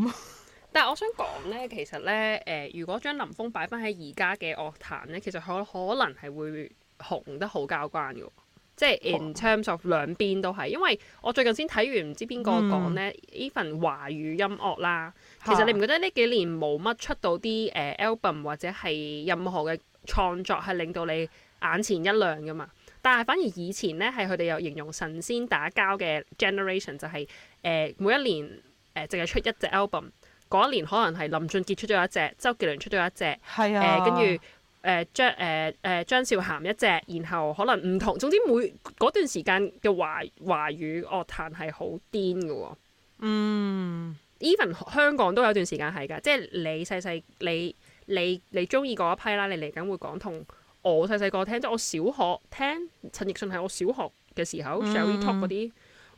但係我想講咧，其實咧，誒、呃，如果將林峰擺翻喺而家嘅樂壇咧，其實可可能係會紅得好交關噶。即係 in terms of、哦、兩邊都係，因為我最近先睇完唔知邊個講咧，依份、嗯、華語音樂啦，啊、其實你唔覺得呢幾年冇乜出到啲誒、呃、album 或者係任何嘅創作係令到你眼前一亮㗎嘛？但係反而以前咧係佢哋又形容神仙打交嘅 generation 就係、是、誒、呃、每一年誒淨係出一隻 album，嗰一年可能係林俊傑出咗一隻，周杰倫出咗一隻，係啊，呃、跟住。誒、呃呃呃、張誒誒張韶涵一隻，然後可能唔同，總之每嗰段時間嘅華華語樂壇係好癲㗎喎。嗯，even 香港都有段時間係㗎，即係你細細你你你中意嗰一批啦，你嚟緊會講同我細細個聽即係我小學聽陳奕迅係我小學嘅時候、嗯，Shall We Talk 嗰啲。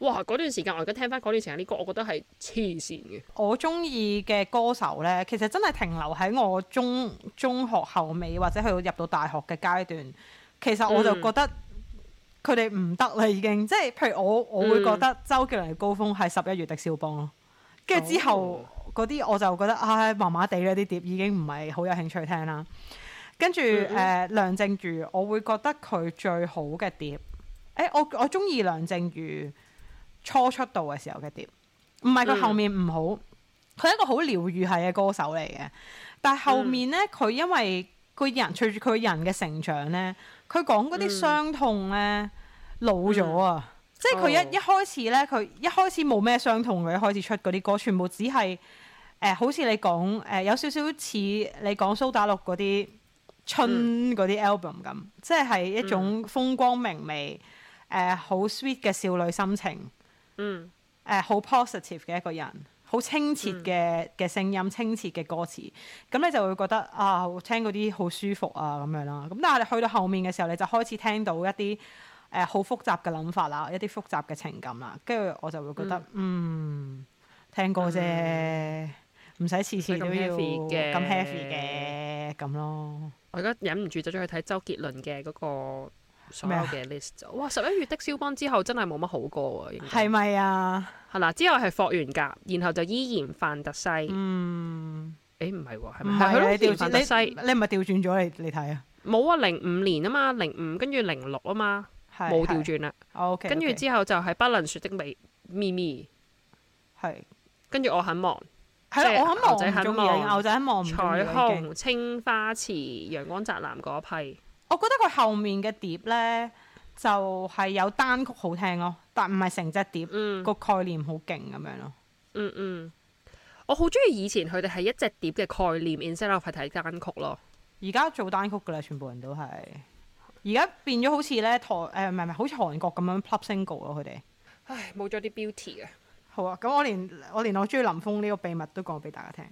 哇！嗰段時間，我而家聽翻嗰段時間啲歌，我覺得係黐線嘅。我中意嘅歌手呢，其實真係停留喺我中中學後尾，或者去到入到大學嘅階段，其實我就覺得佢哋唔得啦，已經、嗯、即係譬如我，我會覺得周杰倫嘅高峰係十一月的蕭邦咯。跟住、嗯、之後嗰啲，嗯、我就覺得唉，麻麻地呢啲碟已經唔係好有興趣聽啦。跟住誒，梁靜茹，我會覺得佢最好嘅碟。誒、欸，我我中意梁靜茹，初出道嘅時候嘅碟，唔係佢後面唔好，佢係、嗯、一個好療愈系嘅歌手嚟嘅。但係後面呢，佢、嗯、因為個人隨住佢人嘅成長呢，佢講嗰啲傷痛呢、嗯、老咗啊！嗯、即係佢一一開始呢，佢一開始冇咩傷痛，佢一開始出嗰啲歌，全部只係誒、呃，好似你講誒、呃，有少少似你講蘇打綠嗰啲春嗰啲 album 咁，即係係一種風光明媚誒，好 sweet 嘅少女心情。嗯，誒好 positive 嘅一個人，好清澈嘅嘅聲音，嗯、清澈嘅歌詞，咁你就會覺得啊，聽嗰啲好舒服啊咁樣啦。咁但係你去到後面嘅時候，你就開始聽到一啲誒好複雜嘅諗法啦，一啲複雜嘅情感啦，跟住我就會覺得，嗯、嗯，聽歌啫，唔使次次都要咁 heavy 嘅咁咯。我而家忍唔住就想去睇周杰倫嘅嗰、嗰個。所有嘅 list，哇！十一月的肖邦之後真係冇乜好過喎，係咪啊？係啦，之後係霍元甲，然後就依然范特西。嗯，誒唔係喎，唔係你調轉，你你唔係調轉咗你你睇啊？冇啊，零五年啊嘛，零五跟住零六啊嘛，冇調轉啦。O K，跟住之後就係不能説的秘咪咪，係跟住我很忙，係咯，牛仔很忙，牛仔很忙，彩虹青花瓷、陽光宅男嗰一批。我覺得佢後面嘅碟咧，就係、是、有單曲好聽咯，但唔係成隻碟個、嗯、概念好勁咁樣咯。嗯嗯，我好中意以前佢哋係一隻碟嘅概念，instead of 睇單曲咯。而家做單曲噶啦，全部人都係。而家變咗好似咧台誒，唔係唔係，好似韓國咁樣 pop single 咯，佢哋。唉，冇咗啲 beauty 啊。好啊，咁我，我連我連我中意林峯呢個秘密都講俾大家聽。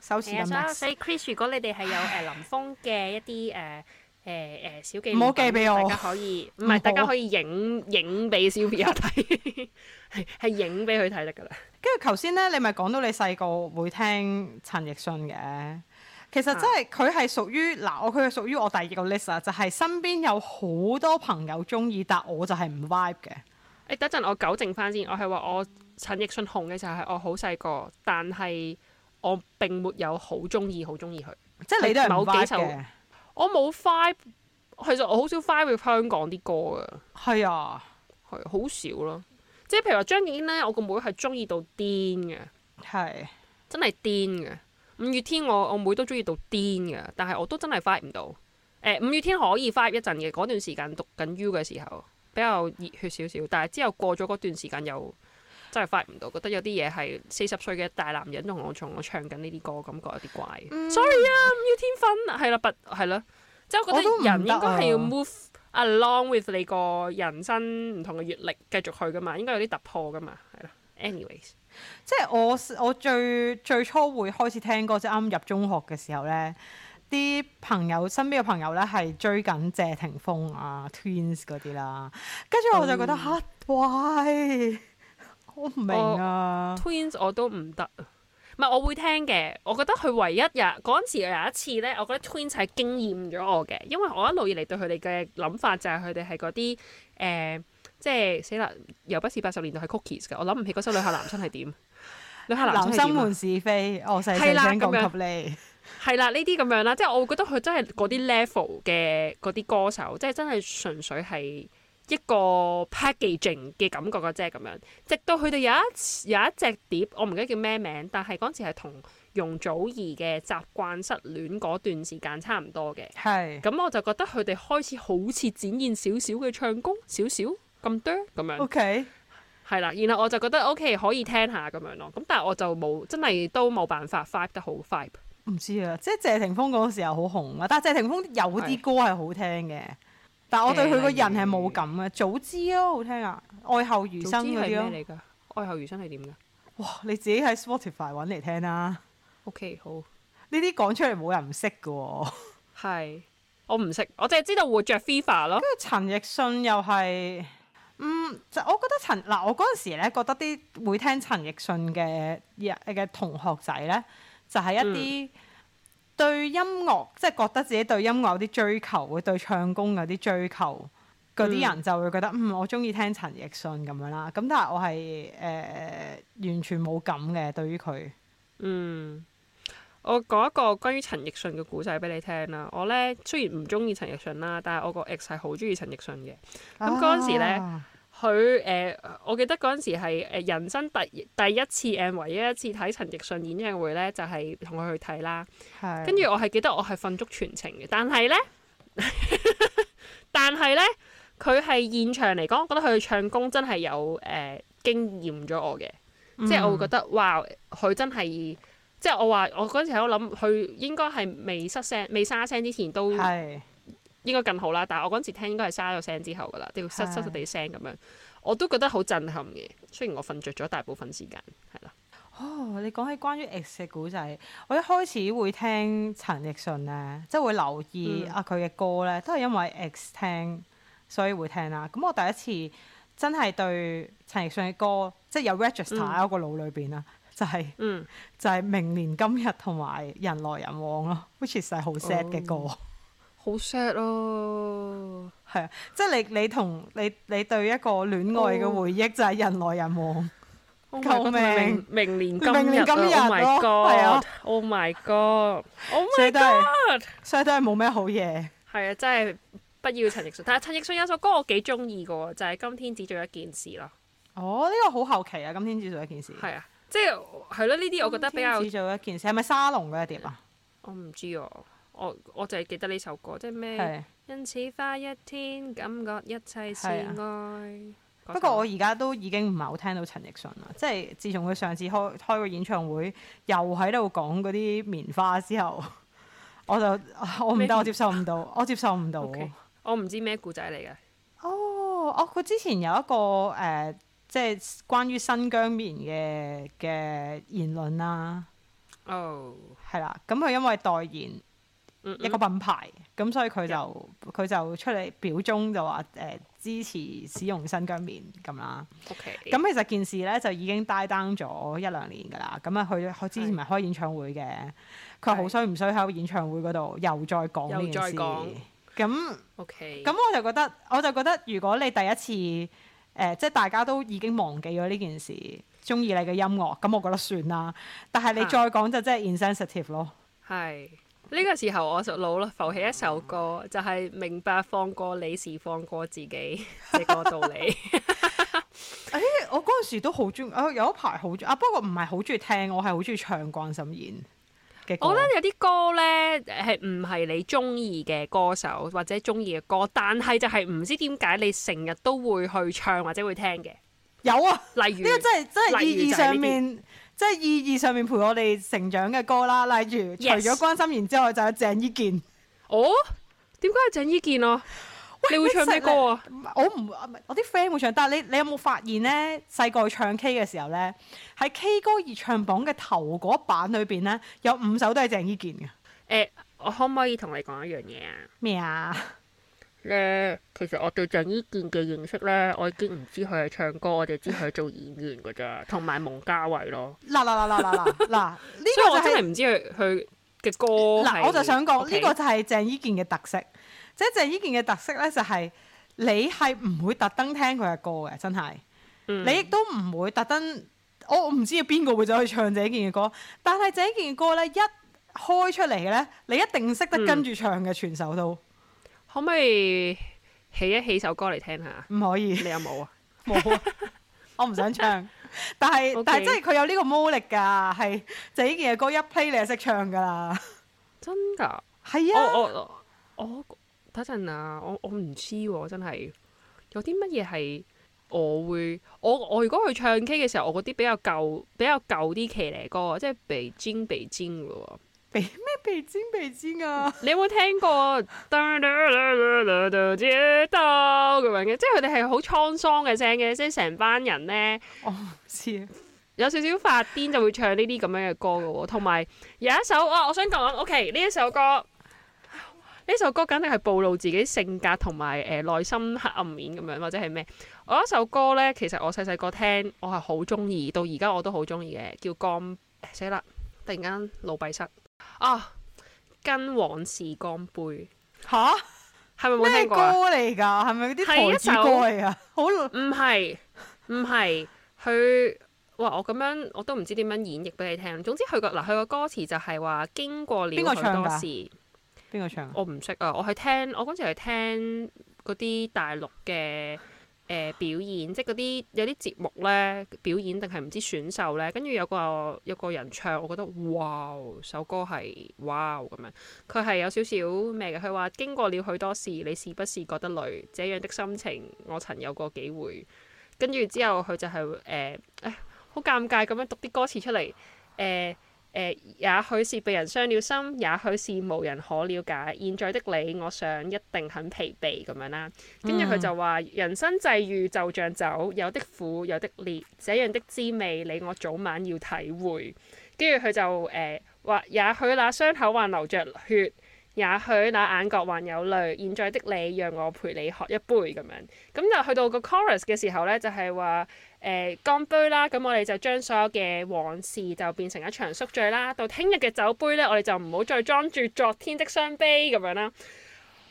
收視，max。所以 Chris，如果你哋係有誒林峯嘅一啲誒。 誒誒、欸，小記唔好寄俾我，大家可以唔係大家可以影影俾小朋友睇，係影俾佢睇得噶啦。跟住頭先咧，你咪講到你細個會聽陳奕迅嘅，其實真係佢係屬於嗱，我佢係屬於我第二個 list 啊，就係身邊有好多朋友中意，但我就係唔 vibe 嘅。你、欸、等陣我糾正翻先，我係話我陳奕迅紅嘅時候係我好細個，但係我並沒有好中意，好中意佢，即係是你都有冇幾首。我冇 vibe 其實我好少 vibe with 香港啲歌嘅。係啊，係好少咯。即係譬如話張敬軒咧，我個妹係中意到癲嘅。係是，真係癲嘅。五月天我我妹，妹都中意到癲嘅，但係我都真係 vibe 唔到。誒、欸、五月天可以 vibe 一陣嘅，嗰段時間讀緊 U 嘅時候比較熱血少少，但係之後過咗嗰段時間又。真係 fight 唔到，覺得有啲嘢係四十歲嘅大男人同我唱，我唱緊呢啲歌，感覺有啲怪。嗯、Sorry 啊，唔要天分，係啦、啊，不係啦，即係我覺得人應該係要 move along with 你個人生唔同嘅閲歷，繼續去噶嘛，應該有啲突破噶嘛，係啦、啊。Anyways，即係我我最我最,最初會開始聽歌，即係啱入中學嘅時候咧，啲朋友身邊嘅朋友咧係追緊謝霆鋒啊、Twins 嗰啲啦，跟住我就覺得嚇 w、嗯啊我唔明啊，Twins 我都唔得，唔係我會聽嘅。我覺得佢唯一日嗰陣時有一次咧，我覺得 Twins 係驚艷咗我嘅，因為我一路以嚟對佢哋嘅諗法就係佢哋係嗰啲誒，即係死啦，又不是八十年代係 Cookies 嘅。我諗唔起嗰首《女校男生》係點，《女校男生》滿是非，我細細聲講給你，係啦，呢啲咁樣啦，即係我會覺得佢真係嗰啲 level 嘅嗰啲歌手，即係真係純粹係。一個 packaging 嘅感覺嘅啫咁樣，直到佢哋有一有一隻碟，我唔記得叫咩名，但係嗰陣時係同容祖兒嘅《習慣失戀》嗰段時間差唔多嘅。係是。咁我就覺得佢哋開始好似展現少少嘅唱功，少少咁嘟咁樣。O K。係啦，然後我就覺得 OK 可以聽下咁樣咯，咁但係我就冇真係都冇辦法 fight 得好 fight。唔知啊，即係謝霆鋒嗰陣時又好紅啊，但係謝霆鋒有啲歌係好聽嘅。但我對佢個人係冇感嘅，例如早知啊好聽啊，愛後餘生嗰啲。早知係咩嚟㗎？愛後餘生係點㗎？哇！你自己喺 Spotify 揾嚟聽啦。OK，好。呢啲講出嚟冇人識嘅喎。係，我唔識，我淨係知道會着 FIFA 咯。跟住陳奕迅又係，嗯，就我覺得陳嗱，我嗰陣時咧覺得啲會聽陳奕迅嘅嘅同學仔咧，就係一啲。對音樂即係覺得自己對音樂有啲追求，會對唱功有啲追求，嗰啲，嗯、人就會覺得嗯，我中意聽陳奕迅咁樣啦。咁但係我係誒，呃、完全冇感嘅對於佢。嗯，我講一個關於陳奕迅嘅故仔俾你聽啦。我呢雖然唔中意陳奕迅啦，但係我個 ex 係好中意陳奕迅嘅。咁嗰陣時咧。啊佢誒、呃，我記得嗰陣時係誒人生第第一次，誒唯一一次睇陳奕迅演唱會咧，就係同佢去睇啦。跟住是我係記得我係瞓足全程嘅，但係咧， 但係咧，佢係現場嚟講，我覺得佢唱功真係有誒驚豔咗我嘅，嗯、即係我會覺得哇，佢真係，即係我話我嗰陣喺度諗佢應該係未失聲、未沙聲之前都應該更好啦，但係我嗰陣時聽應該係沙咗聲之後噶啦，啲沙沙沙地聲咁樣，我都覺得好震撼嘅。雖然我瞓着咗大部分時間，係啦。哦，你講起關於 X 嘅古仔，我一開始會聽陳奕迅呢，即係會留意、嗯、啊佢嘅歌呢都係因為 X 聽，所以會聽啦。咁我第一次真係對陳奕迅嘅歌，即係有 register 喺我個腦裏邊啦，就係就係明年今日同埋人來人往咯，which is 係好 sad 嘅歌。好 sad 咯，係啊，啊，即係你你同你你對一個戀愛嘅回憶就係人來人往，oh、my God，救命明！明年今日、啊、年今日，my God 係啊，Oh my God，Oh God, my God，所以都係，所以都係冇咩好嘢。係啊，真係不要陳奕迅。但係陳奕迅有首歌我幾中意嘅，就係、是 哦這個啊《今天只做一件事》咯。哦，呢個好後期啊，《今天只做一件事》。係啊，即係係咯，呢啲我覺得比較只做一件事係咪沙龍一碟啊？嗯、我唔知啊。我我就係記得呢首歌，即係咩的因此花一天感覺一切是愛。不過我而家都已經唔係好聽到陳奕迅啦，即係自從佢上次開開個演唱會，又喺度講嗰啲棉花之後，我就我唔得麼，我接受唔到， Okay. 我接受唔到。我唔知咩故仔嚟嘅哦。我佢之前有一個誒、呃，即係關於新疆棉嘅嘅言論啦、啊。哦、oh.，係啦，咁佢因為代言，一個品牌，咁所以佢就佢就出嚟表忠就話誒支持使用新疆棉咁啦。O K，咁其實件事咧就已經 die down 咗一兩年噶啦。咁啊，佢佢之前咪開演唱會嘅，佢好衰唔衰喺個演唱會嗰度又再講呢件事。咁 O K，咁我就覺得我就覺得如果你第一次誒，即係大家都已經忘記咗呢件事，中意你嘅音樂，咁我覺得算啦。但係你再講就真係 insensitive 咯。係。呢個時候我就老咯，浮起一首歌，嗯、就係明白放過你，是放過自己嘅個道理。誒 欸，我嗰陣時都好中意，有一排好中意啊，不過唔係好中意聽，我係好中意唱關心妍嘅歌。我覺得有啲歌咧係唔係你中意嘅歌手或者中意嘅歌，但係就係唔知點解你成日都會去唱或者會聽嘅。有啊，例如呢個真係真係意義上面。即係意義上面陪我哋成長嘅歌啦，例如 Yes. 除咗關心妍之外，就有、是、鄭伊健。哦，點解有鄭伊健哦、啊？喂你會唱咩歌啊？我唔，我啲 friend 會唱。但係你，你有冇發現呢？細個唱 K 嘅時候呢，喺 K 歌熱唱榜嘅頭嗰版裏邊呢，有五首都係鄭伊健嘅。誒，uh, 我可唔可以同你講一樣嘢啊？咩啊？咧，其實我對鄭伊健嘅認識咧，我已經唔知佢係唱歌，我淨知佢係做演員嘅咋，同埋蒙嘉慧咯。嗱嗱嗱嗱嗱嗱嗱，所以我真係唔知佢佢嘅歌。嗱， 我就想講呢 Okay. 個就係鄭伊健嘅特色，即係鄭伊健嘅特色咧，就係你係唔會特登聽佢嘅歌嘅，真係。嗯、你亦都唔會特登，我唔知邊個會走去唱鄭伊健嘅歌，但係鄭伊健嘅歌咧一開出嚟咧，你一定識得跟住唱嘅，全首都。嗯可唔可以起一起首歌嚟聽下？唔可以。你有冇啊？冇 啊！我唔想唱。但係但係，真係佢有呢個魔力㗎，係就依件嘢歌一 play 你就識唱㗎啦的、啊啊。真㗎？係啊。我我我等陣啊！我我唔知喎，真係有啲乜嘢係我會我我如果去唱 K 嘅時候，我嗰啲比較舊比較舊啲騎呢歌，即係北京北京喎。咩鼻尖鼻尖啊！ 你有冇聽過咁樣嘅？即係佢哋係好滄桑嘅聲嘅，即係成班人咧。哦，唔知有少少發癲就會唱呢啲咁樣嘅歌噶。同埋有一首我我想講，OK 呢一首歌呢首歌肯定係暴露自己性格同埋誒內心黑暗面咁樣，或者係咩？我一首歌咧，其實我細細個聽，我係好中意，到而家我都好中意嘅，叫乾《江死啦》。突然間腦閉塞。啊，跟往事乾杯，吓係咪冇聽過啊？咩歌嚟噶？係咪嗰啲台柱歌嚟噶？好，唔係唔係佢哇！我咁樣我都唔知點樣演繹俾你聽。總之佢個嗱佢個歌詞就係話經過了許多事，邊個唱？唱我唔識啊！我係聽我嗰陣係聽嗰啲大陸嘅。誒、呃、表演即係嗰啲有啲節目咧，表演定係唔知選秀咧，跟住有個有個人唱，我覺得哇，首歌係哇咁樣，佢係有少少咩嘅，佢話經過了許多事，你是不是覺得累？這樣的心情我曾有過幾回。跟住之後佢就係誒誒好尷尬咁樣讀啲歌詞出嚟誒。呃誒、呃，也許是被人傷了心，也許是無人可了解。現在的你，我想一定很疲憊咁樣啦。跟住佢就話：人生際遇就像酒，有的苦，有的烈，這樣的滋味你我早晚要體會。跟住佢就誒話、呃：也許那傷口還流着血，也許那眼角還有淚。現在的你，讓我陪你喝一杯咁樣。咁就去到個 chorus 嘅時候咧，就係、是、話。誒、呃、乾杯啦，咁我哋就將所有嘅往事就變成一場宿醉啦。到聽日嘅酒杯呢，我哋就唔好再裝住昨天的傷悲咁樣啦。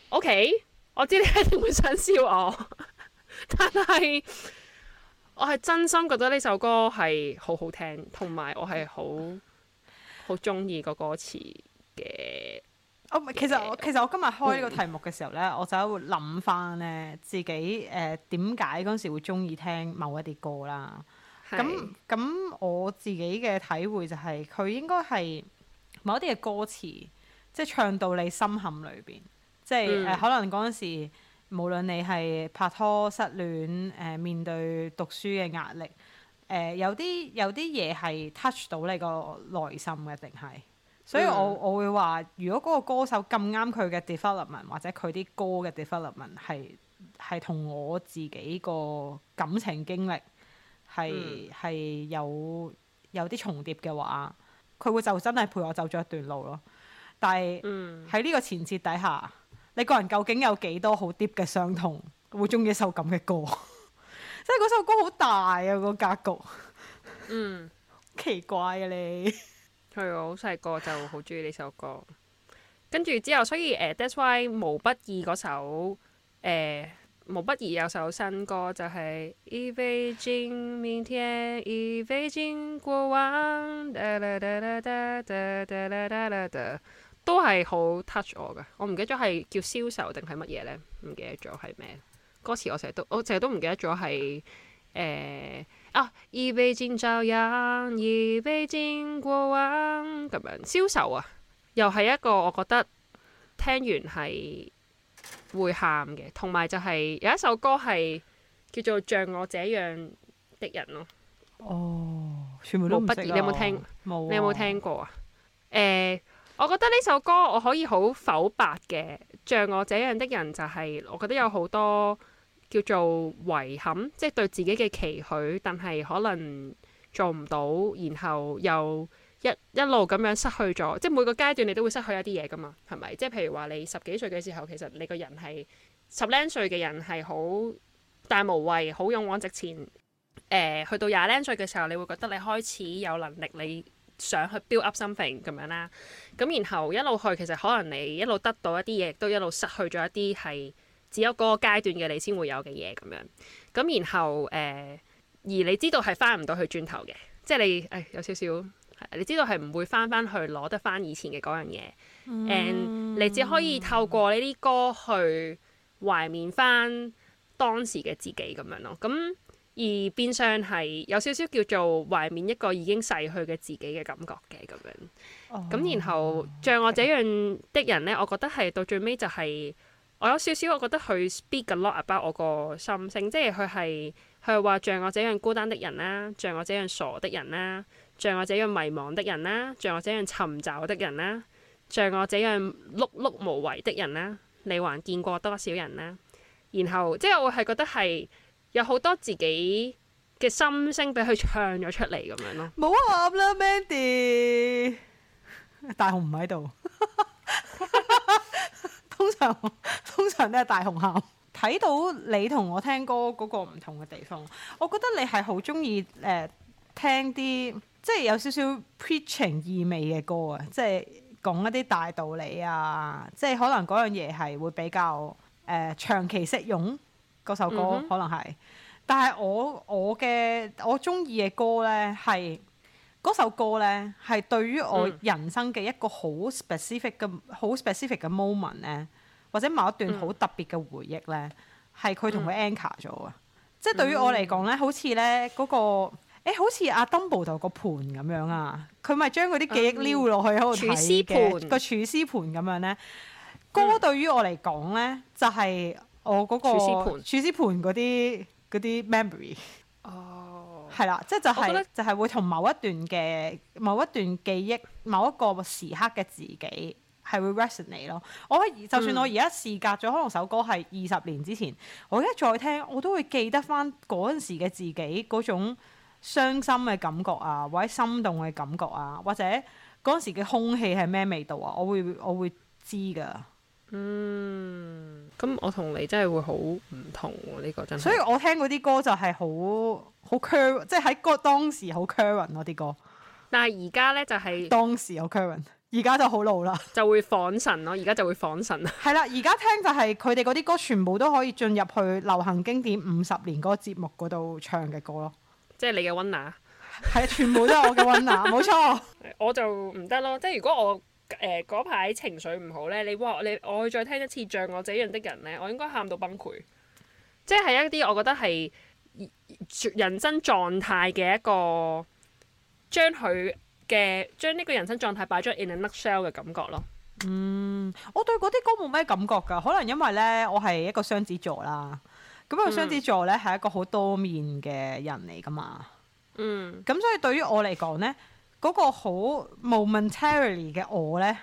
OK，我知你一定會想笑我， 但係我係真心覺得呢首歌係好好聽，同埋我係好好鍾意個歌詞嘅。我、哦、其實我其實我今日開呢個題目嘅時候咧，嗯、我就會諗翻咧自己誒，點解嗰陣時會中意聽某一啲歌啦。咁咁是我自己嘅體會就係、是、佢應該係某一啲嘅歌詞，即係唱到你心坎裏邊，嗯、即係誒、呃、可能嗰陣時無論你係拍拖失戀誒、呃、面對讀書嘅壓力誒、呃、有啲有啲嘢係 touch 到你個內心嘅定係。所以我、嗯、我會話，如果嗰個歌手咁啱佢嘅 development 或者佢啲歌嘅 development 係係同我自己個感情經歷係係、嗯、有有啲重疊嘅話，佢會就真係陪我走咗一段路咯。但係喺呢個前設底下，你個人究竟有幾多好 deep 嘅傷痛會鍾意一首咁嘅歌？即係嗰首歌好大啊個格局， 嗯，奇怪嘅、啊、你。係我好細個就好中意呢首歌，跟住之後，所以誒，That's why 毛不易嗰首誒毛不易有首新歌就係一杯敬明天，一杯敬過往，都係好 touch 我㗎。我唔記得咗係叫消愁定係乜嘢呢？唔記得咗係咩？歌詞我成日都我成日都唔記得咗係誒。呃啊！一杯敬朝陽，一杯敬過往，咁樣消愁啊！又係一個我覺得聽完係會喊嘅，同埋就係有一首歌係叫做《像我這樣的人》咯。哦，全部都唔識，毛不易，你有冇聽？冇、啊，你有冇聽過啊？誒、呃，我覺得呢首歌我可以好否白嘅，《像我這樣的人》就係我覺得有好多。叫做遺憾，即係對自己嘅期許，但係可能做唔到，然後又一一路咁樣失去咗，即係每個階段你都會失去一啲嘢㗎嘛，係咪？即係譬如話你十幾歲嘅時候，其實你個人係十零歲嘅人係好大無畏、好勇往直前，誒、呃，去到廿零歲嘅時候，你會覺得你開始有能力，你想去 build up something 咁樣啦，咁然後一路去，其實可能你一路得到一啲嘢，亦都一路失去咗一啲係。只有嗰個階段嘅你先會有嘅嘢咁樣，咁然後誒、呃，而你知道係返唔到去轉頭嘅，即係你誒有少少，你知道係唔會返返去攞得返以前嘅嗰樣嘢，誒、嗯，And, 你只可以透過呢啲歌去懷緬返當時嘅自己咁樣咯。咁而變相係有少少叫做懷緬一個已經逝去嘅自己嘅感覺嘅咁樣。咁然後像我這樣的人呢，我覺得係到最尾就係、是。我有少少，我覺得佢 speak a lot about 我個心聲，即係佢係佢話像我這樣孤單的人啦、啊，像我這樣傻的人啦、啊，像我這樣迷茫的人啦、啊，像我這樣尋找的人啦、啊，像我這樣碌碌無為的人啦、啊，你還見過多少人啦、啊？然後即係我係覺得係有好多自己嘅心聲俾佢唱咗出嚟咁樣咯。冇喊啦，Mandy， 大雄唔喺度。 通常通常都係大紅喊，睇到你同我聽歌嗰個唔同嘅地方，我覺得你係好中意誒聽啲即係有少少 preaching 意味嘅歌啊，即係講一啲大道理啊，即係可能嗰樣嘢係會比較誒、呃、長期適用嗰首歌、嗯、哼可能係，但係我我嘅我中意嘅歌咧係。嗰首歌呢，係對於我人生嘅一個好 specific 嘅、好、嗯、specific 嘅 moment 呢，或者某一段好特別嘅回憶呢係佢同佢 anchor 咗嘅。即係對於我嚟講呢好似呢嗰個，欸、好似阿 Dumbledore 個盤咁樣啊，佢咪將佢啲記憶撩落去喺度睇嘅個儲思盆咁樣呢，歌對於我嚟講呢，就係、是、我嗰、那個儲思、嗯、盆嗰啲嗰啲 memory。哦。 係啦，即係就係、係、就係、係、會同某一段嘅某一段記憶、某一個時刻嘅自己係會 resonate 咯、嗯。我可以，就算我而家事隔咗可能首歌係二十年之前，我而家再聽，我都會記得翻嗰陣時嘅自己嗰種傷心嘅感覺啊，或者心動嘅感覺啊，或者嗰陣時嘅空氣係咩味道啊，我會我會知㗎。嗯，咁我同你真係會好唔同喎、啊，呢個真係。所以我聽嗰啲歌就係好好即係喺歌當時好 current 咯、啊、啲歌。但係而家呢，就係、是、當時好 current，而家就好老啦，就會仿神咯、啊。而家就會仿神、啊、 啦。係啦，而家聽就係佢哋嗰啲歌全部都可以進入去流行經典五十年嗰個節目嗰度唱嘅歌咯。即係你嘅 winner，係全部都係我嘅 winner，冇錯。 我就唔得咯，即係如果我。嗰排、呃、情緒唔好呢，你哇你我再聽一次像我這樣的人呢，我應該喊到崩潰，即係一啲我覺得係人生狀態嘅一個將佢嘅將呢個人生狀態擺咗 in a nutshell 嘅感覺咯。嗯，我對嗰啲歌冇咩感覺噶，可能因為呢，我係一個雙子座啦。咁啊，雙子座呢，係一個好多面嘅人嚟噶嘛。嗯，咁所以對於我嚟講呢。嗰個好 momentary 嘅我呢，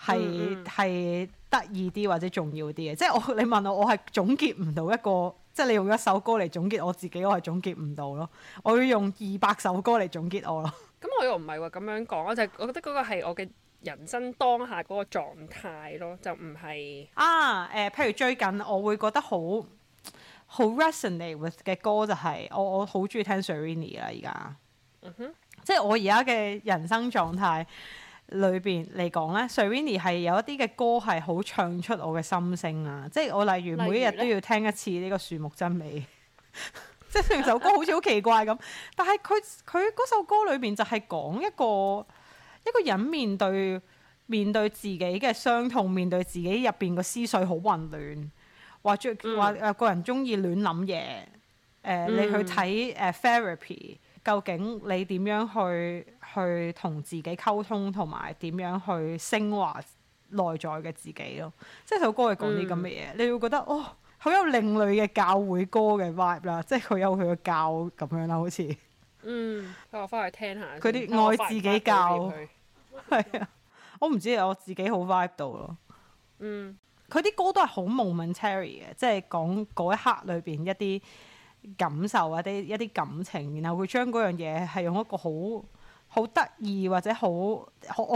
係係得意啲或者重要啲嘅，即係我你問我，我係總結唔到一個，即係你用一首歌嚟總結我自己，我係總結唔到咯，我要用二百首歌嚟總結我咯。咁、嗯、我又唔係話咁樣講啊，就我覺得嗰個係我嘅人生當下嗰個狀態咯，就唔係啊誒、呃，譬如最近我會覺得好好 resonate with 嘅歌就係、是、我我好中意聽 Serenity 啦，而家嗯哼。即係我而家嘅人生狀態裏邊嚟講咧，Shirini 係有一啲嘅歌係好唱出我嘅心聲啊！即係我例如每一日都要聽一次呢個樹木真美， 即係呢首歌好似好奇怪咁。但係佢佢首歌裏邊就係講一個一個人面對面對自己嘅傷痛，面對自己入邊個思緒好混亂，話中話誒個人中意亂諗嘢。誒、嗯呃，你去睇誒 therapy。呃嗯究竟你點樣去去同自己溝通，同埋點樣去升華內在嘅自己咯？即係首歌係講啲咁嘅嘢，嗯、你會覺得哦，好有另類嘅教會歌嘅 vibe 啦，即係佢有佢嘅教咁樣啦，好似嗯，我翻去聽下佢啲 愛自己教，係我啊，我唔知我自己好 vibe 到咯，嗯，佢啲歌都係好 momentary 嘅，即係講嗰一刻裏邊一啲。感受啊啲一啲感情，然後會將嗰樣嘢係用一個好好得意或者好，我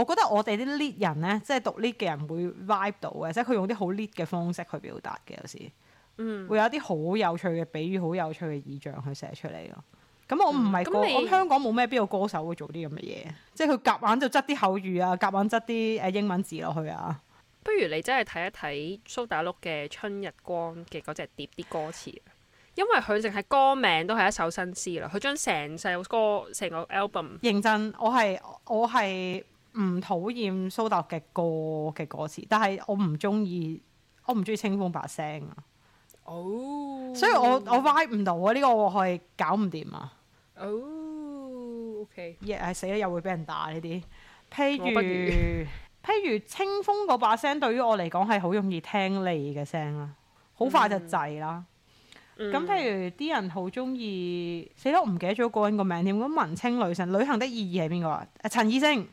覺得我哋啲 lit 人咧，即係讀 lit 嘅人會 vibe 到嘅，即係佢用啲好 lit 嘅方式去表達嘅有時，嗯，會有啲好有趣嘅比喻、好有趣嘅意象去寫出嚟咯。咁我唔係、嗯、我香港冇咩邊個歌手會做啲咁嘅嘢，即係佢夾硬就執啲口語啊，夾硬執啲誒英文字落去啊。不如你真係睇一睇蘇打綠嘅春日光嘅嗰隻碟啲歌詞。因為佢淨係歌名都係一首新詩啦，佢將成首歌成個 album。認真，我係我係唔討厭蘇打嘅歌嘅歌詞，但係我唔中意我唔中意清風把聲啊！哦，oh，所以我、嗯、我，我 vibe 唔到啊！呢、呢個我係搞唔掂啊！哦、oh，OK，又死啦！又會俾人打呢啲，譬如，如譬如清風嗰把聲，對於我嚟講係好容易聽膩嘅聲啦，好快就滯啦。嗯咁、嗯、譬如啲人好中意死咯，唔記得咗個人個名添。咁文青女神旅行的意義係邊個啊？陳綺貞，誒、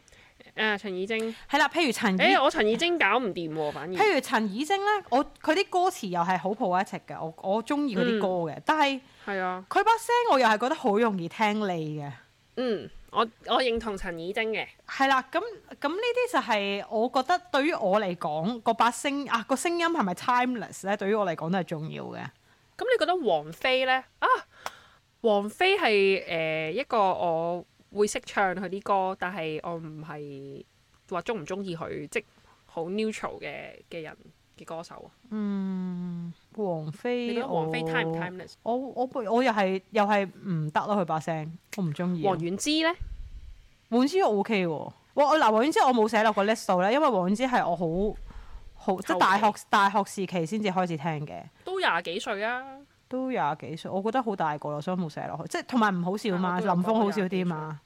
呃、陳綺貞係啦。譬如陳綺，誒、欸、我陳綺貞搞唔掂喎，反而譬如陳綺貞咧，我佢啲歌詞又係好 poetic 嘅，我我中意嗰啲歌嘅，嗯、但係是係啊，佢把聲我又係覺得好容易聽膩嘅。嗯，我我認同陳綺貞嘅係啦。咁咁呢啲就係我覺得對於我嚟講個把聲啊、那個聲音係咪 timeless 咧？對於我嚟講都係重要嘅。咁你覺得王菲咧啊？王菲係誒一個我會識唱佢啲歌，但係我唔係話中唔中意佢，即係好 neutral 嘅嘅人嘅歌手啊。嗯，王菲。你覺得王菲 time 唔 timeless？我我我又係又係唔得咯，佢把聲我唔中意。王菀之咧？王菀之 OK 喎。我嗱，王菀之我冇寫落個 list 度咧，因為王菀之係我好。好即係大學期大學時期先至開始聽嘅，都廿幾歲啊，都廿幾歲，我覺得好大個啦，所以冇寫落去。即係同埋唔好笑嘛，啊、林峰好笑啲嘛。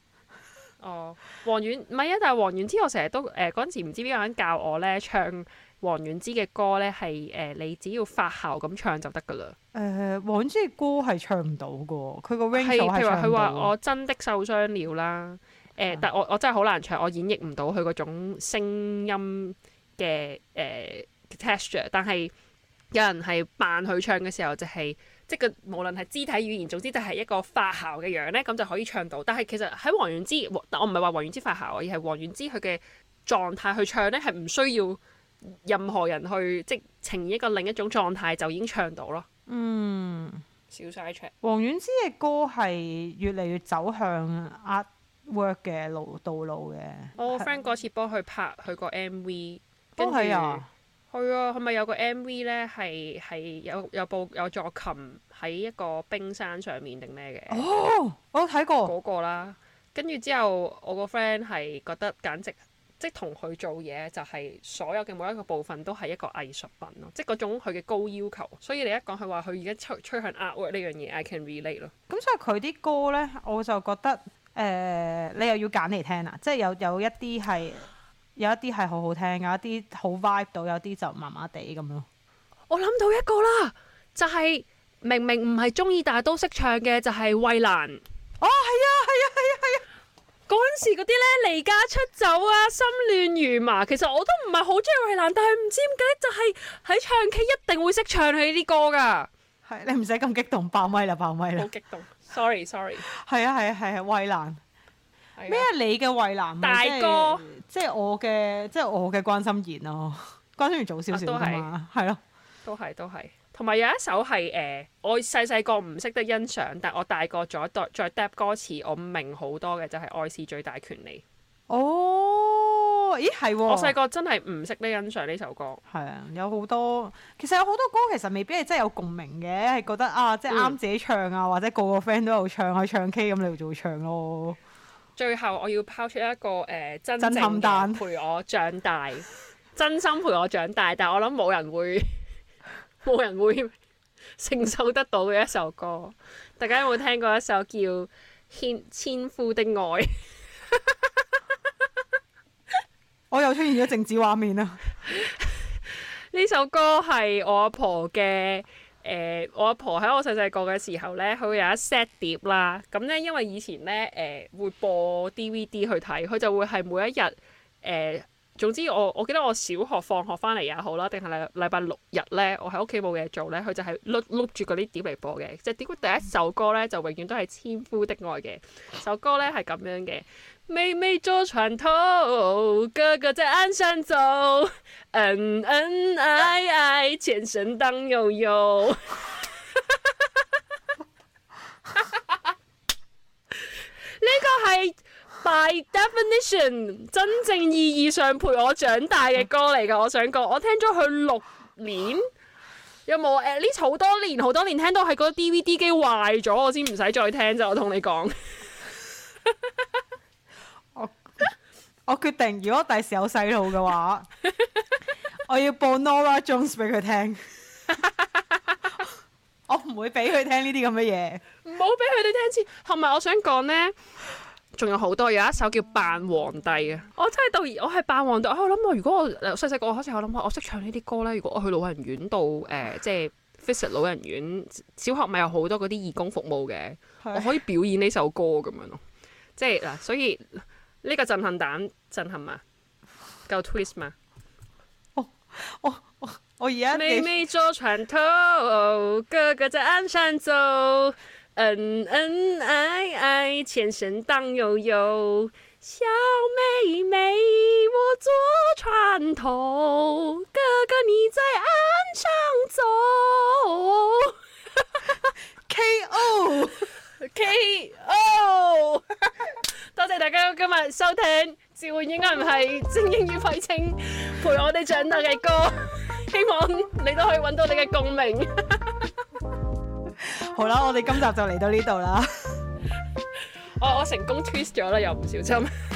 哦，王菀之唔咪啊，但係王菀之我成日都誒嗰陣時唔知邊個人教我咧，唱王菀之嘅歌咧，係誒你只要發姣咁唱就得噶啦。誒、呃，王菀之嘅歌係唱唔到噶，佢個 range 係唱唔到。係，譬如話佢話我真的受傷了啦。誒、呃，但我我真係好難唱，我演繹唔到佢嗰種聲音。嘅誒、呃 texture，但係有人係扮佢唱嘅時候，就係，就係即係無論係肢體語言，總之就係一個發姣嘅樣咧，咁就可以唱到。但係其實喺王菀之，但我唔係話王菀之發姣，而係王菀之佢嘅狀態去唱咧，係唔需要任何人去即、就係、呈現一個另一種狀態就已經唱到咯。嗯，少曬 check 王菀之嘅歌係越嚟越走向 art work 嘅路道路嘅。我個 friend 嗰次幫佢拍佢個 MV。都係啊，係啊，係咪有個 MV 咧？係係有有部有座琴喺一個冰山上面定咩嘅？哦，我睇過嗰個啦。跟住之後，我個 friend 係覺得簡直即係同佢做嘢，就係所有嘅每一個部分都係一個藝術品咯。即係嗰種佢嘅高要求，所以你一講佢話佢而家趨趨向 artwork 呢樣嘢，I can relate 咯。咁所以佢啲歌咧，我就覺得誒、呃，你又要揀嚟聽啦，即係有有，有一啲係。有一啲係好好聽，有一啲好 vibe 到，有啲就麻麻地咁咯。我諗到一個啦，就係、是、明明唔係中意，但係都識唱嘅，就係、是、衛蘭。哦，係啊，係啊，係啊，係啊！嗰陣、啊、時嗰啲咧，離家出走啊，心亂如麻。其實我都唔係好中意衛蘭，但係唔知點解就係、是、喺唱 K 一定會識唱起呢啲歌㗎。係你唔使咁激動，爆咪啦，爆咪啦！好激動，sorry sorry。係啊係啊係啊，衛、啊啊啊啊、蘭。咩？你嘅蔚藍，大哥，即係我嘅，即、就、係、是、我嘅關心妍咯。 關心妍早少少都係，係咯、啊，都係的都係。同埋有一首係誒、呃，我細細個唔識得欣賞，但我大個咗再再 depp 歌詞，我明好多嘅就係、是、愛是最大權利。哦，咦係？我細個真係唔識得欣賞呢首歌。係啊，有好多，其實有好多歌其實未必係真係有共鳴嘅，係覺得啊，即係啱自己唱啊，嗯、或者個個 friend 都有唱去唱 K 咁，你就會唱咯。最後我要拋出一個誒、呃、真正嘅陪我長大，真心陪我長大，但我諗冇人會冇 人會承受得到嘅一首歌。大家有冇聽過一首叫《縴縴夫的愛》？ 我又出現咗靜止畫面啊！呢 首歌係我阿婆嘅。誒、呃，我阿婆喺我細細個嘅時候咧，佢會有一 set 碟啦。咁咧，因為以前咧，誒、呃、會播 DVD 去睇，佢就會係每一日誒、呃，總之我我記得我小學放學翻嚟也好啦，定係禮，禮拜六日咧，我喺屋企冇嘢做咧，佢就係碌碌住嗰啲碟嚟播嘅。即係碟第一首歌咧，就永遠都係《纖夫的愛的》嘅首歌咧，係咁樣嘅。妹妹坐船頭，哥哥在岸上走，恩恩愛愛，纖繩蕩悠悠。呢 個係 By Definition 真正意義上陪我長大嘅歌嚟噶，我想講，我聽咗佢六年，有冇？誒呢好多年，好多年聽到係個 DVD 機壞咗，我先唔使再聽啫，我同你講。 我決定，如果第時有細路嘅話， 我要播 Nora Jones 俾佢聽。 我唔會俾佢聽呢啲咁嘅嘢。唔好俾佢哋聽先。同埋，我想講咧，仲有好多有一首叫《扮皇帝》嘅。我真係到，我係扮皇帝。我諗，如果我細細個嗰時，我諗我我識唱呢啲歌咧。如果我去老人院度，誒、呃，即係 visit 老人院，小學咪有好多嗰啲義工服務嘅，是我可以表演呢首歌咁樣咯。即係嗱，所以。呢個震撼彈，震撼啊！夠 twist 嘛？Oh, oh, oh, oh, yeah. 妹妹坐船頭，哥哥在岸上走，恩恩愛愛，N I I、纖繩蕩悠悠。小妹妹我坐船頭，哥哥你在岸上走。 K O K O。多謝大家今日收聽《Calling English Majors》，係精英與廢青陪我哋長大嘅歌，希望你都可以揾到你嘅共鳴。好啦，我哋今集就嚟到呢度啦。我我成功 twist 咗啦，又唔小心。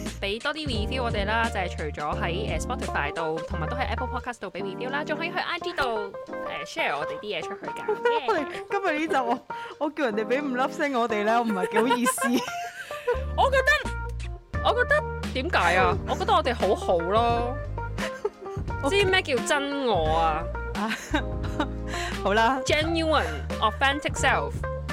俾多啲 review 我哋啦，就係除咗喺誒 Spotify 度，同埋都喺 Apple Podcast 度俾 review 啦，仲可以去 IG 度誒 share 我哋啲嘢出去㗎。我哋今日呢集我我叫人哋俾五粒星我哋咧，唔係幾好意思。我覺得我覺得點解啊？我覺得我哋好好咯，知咩叫真我啊？好啦，genuine authentic self。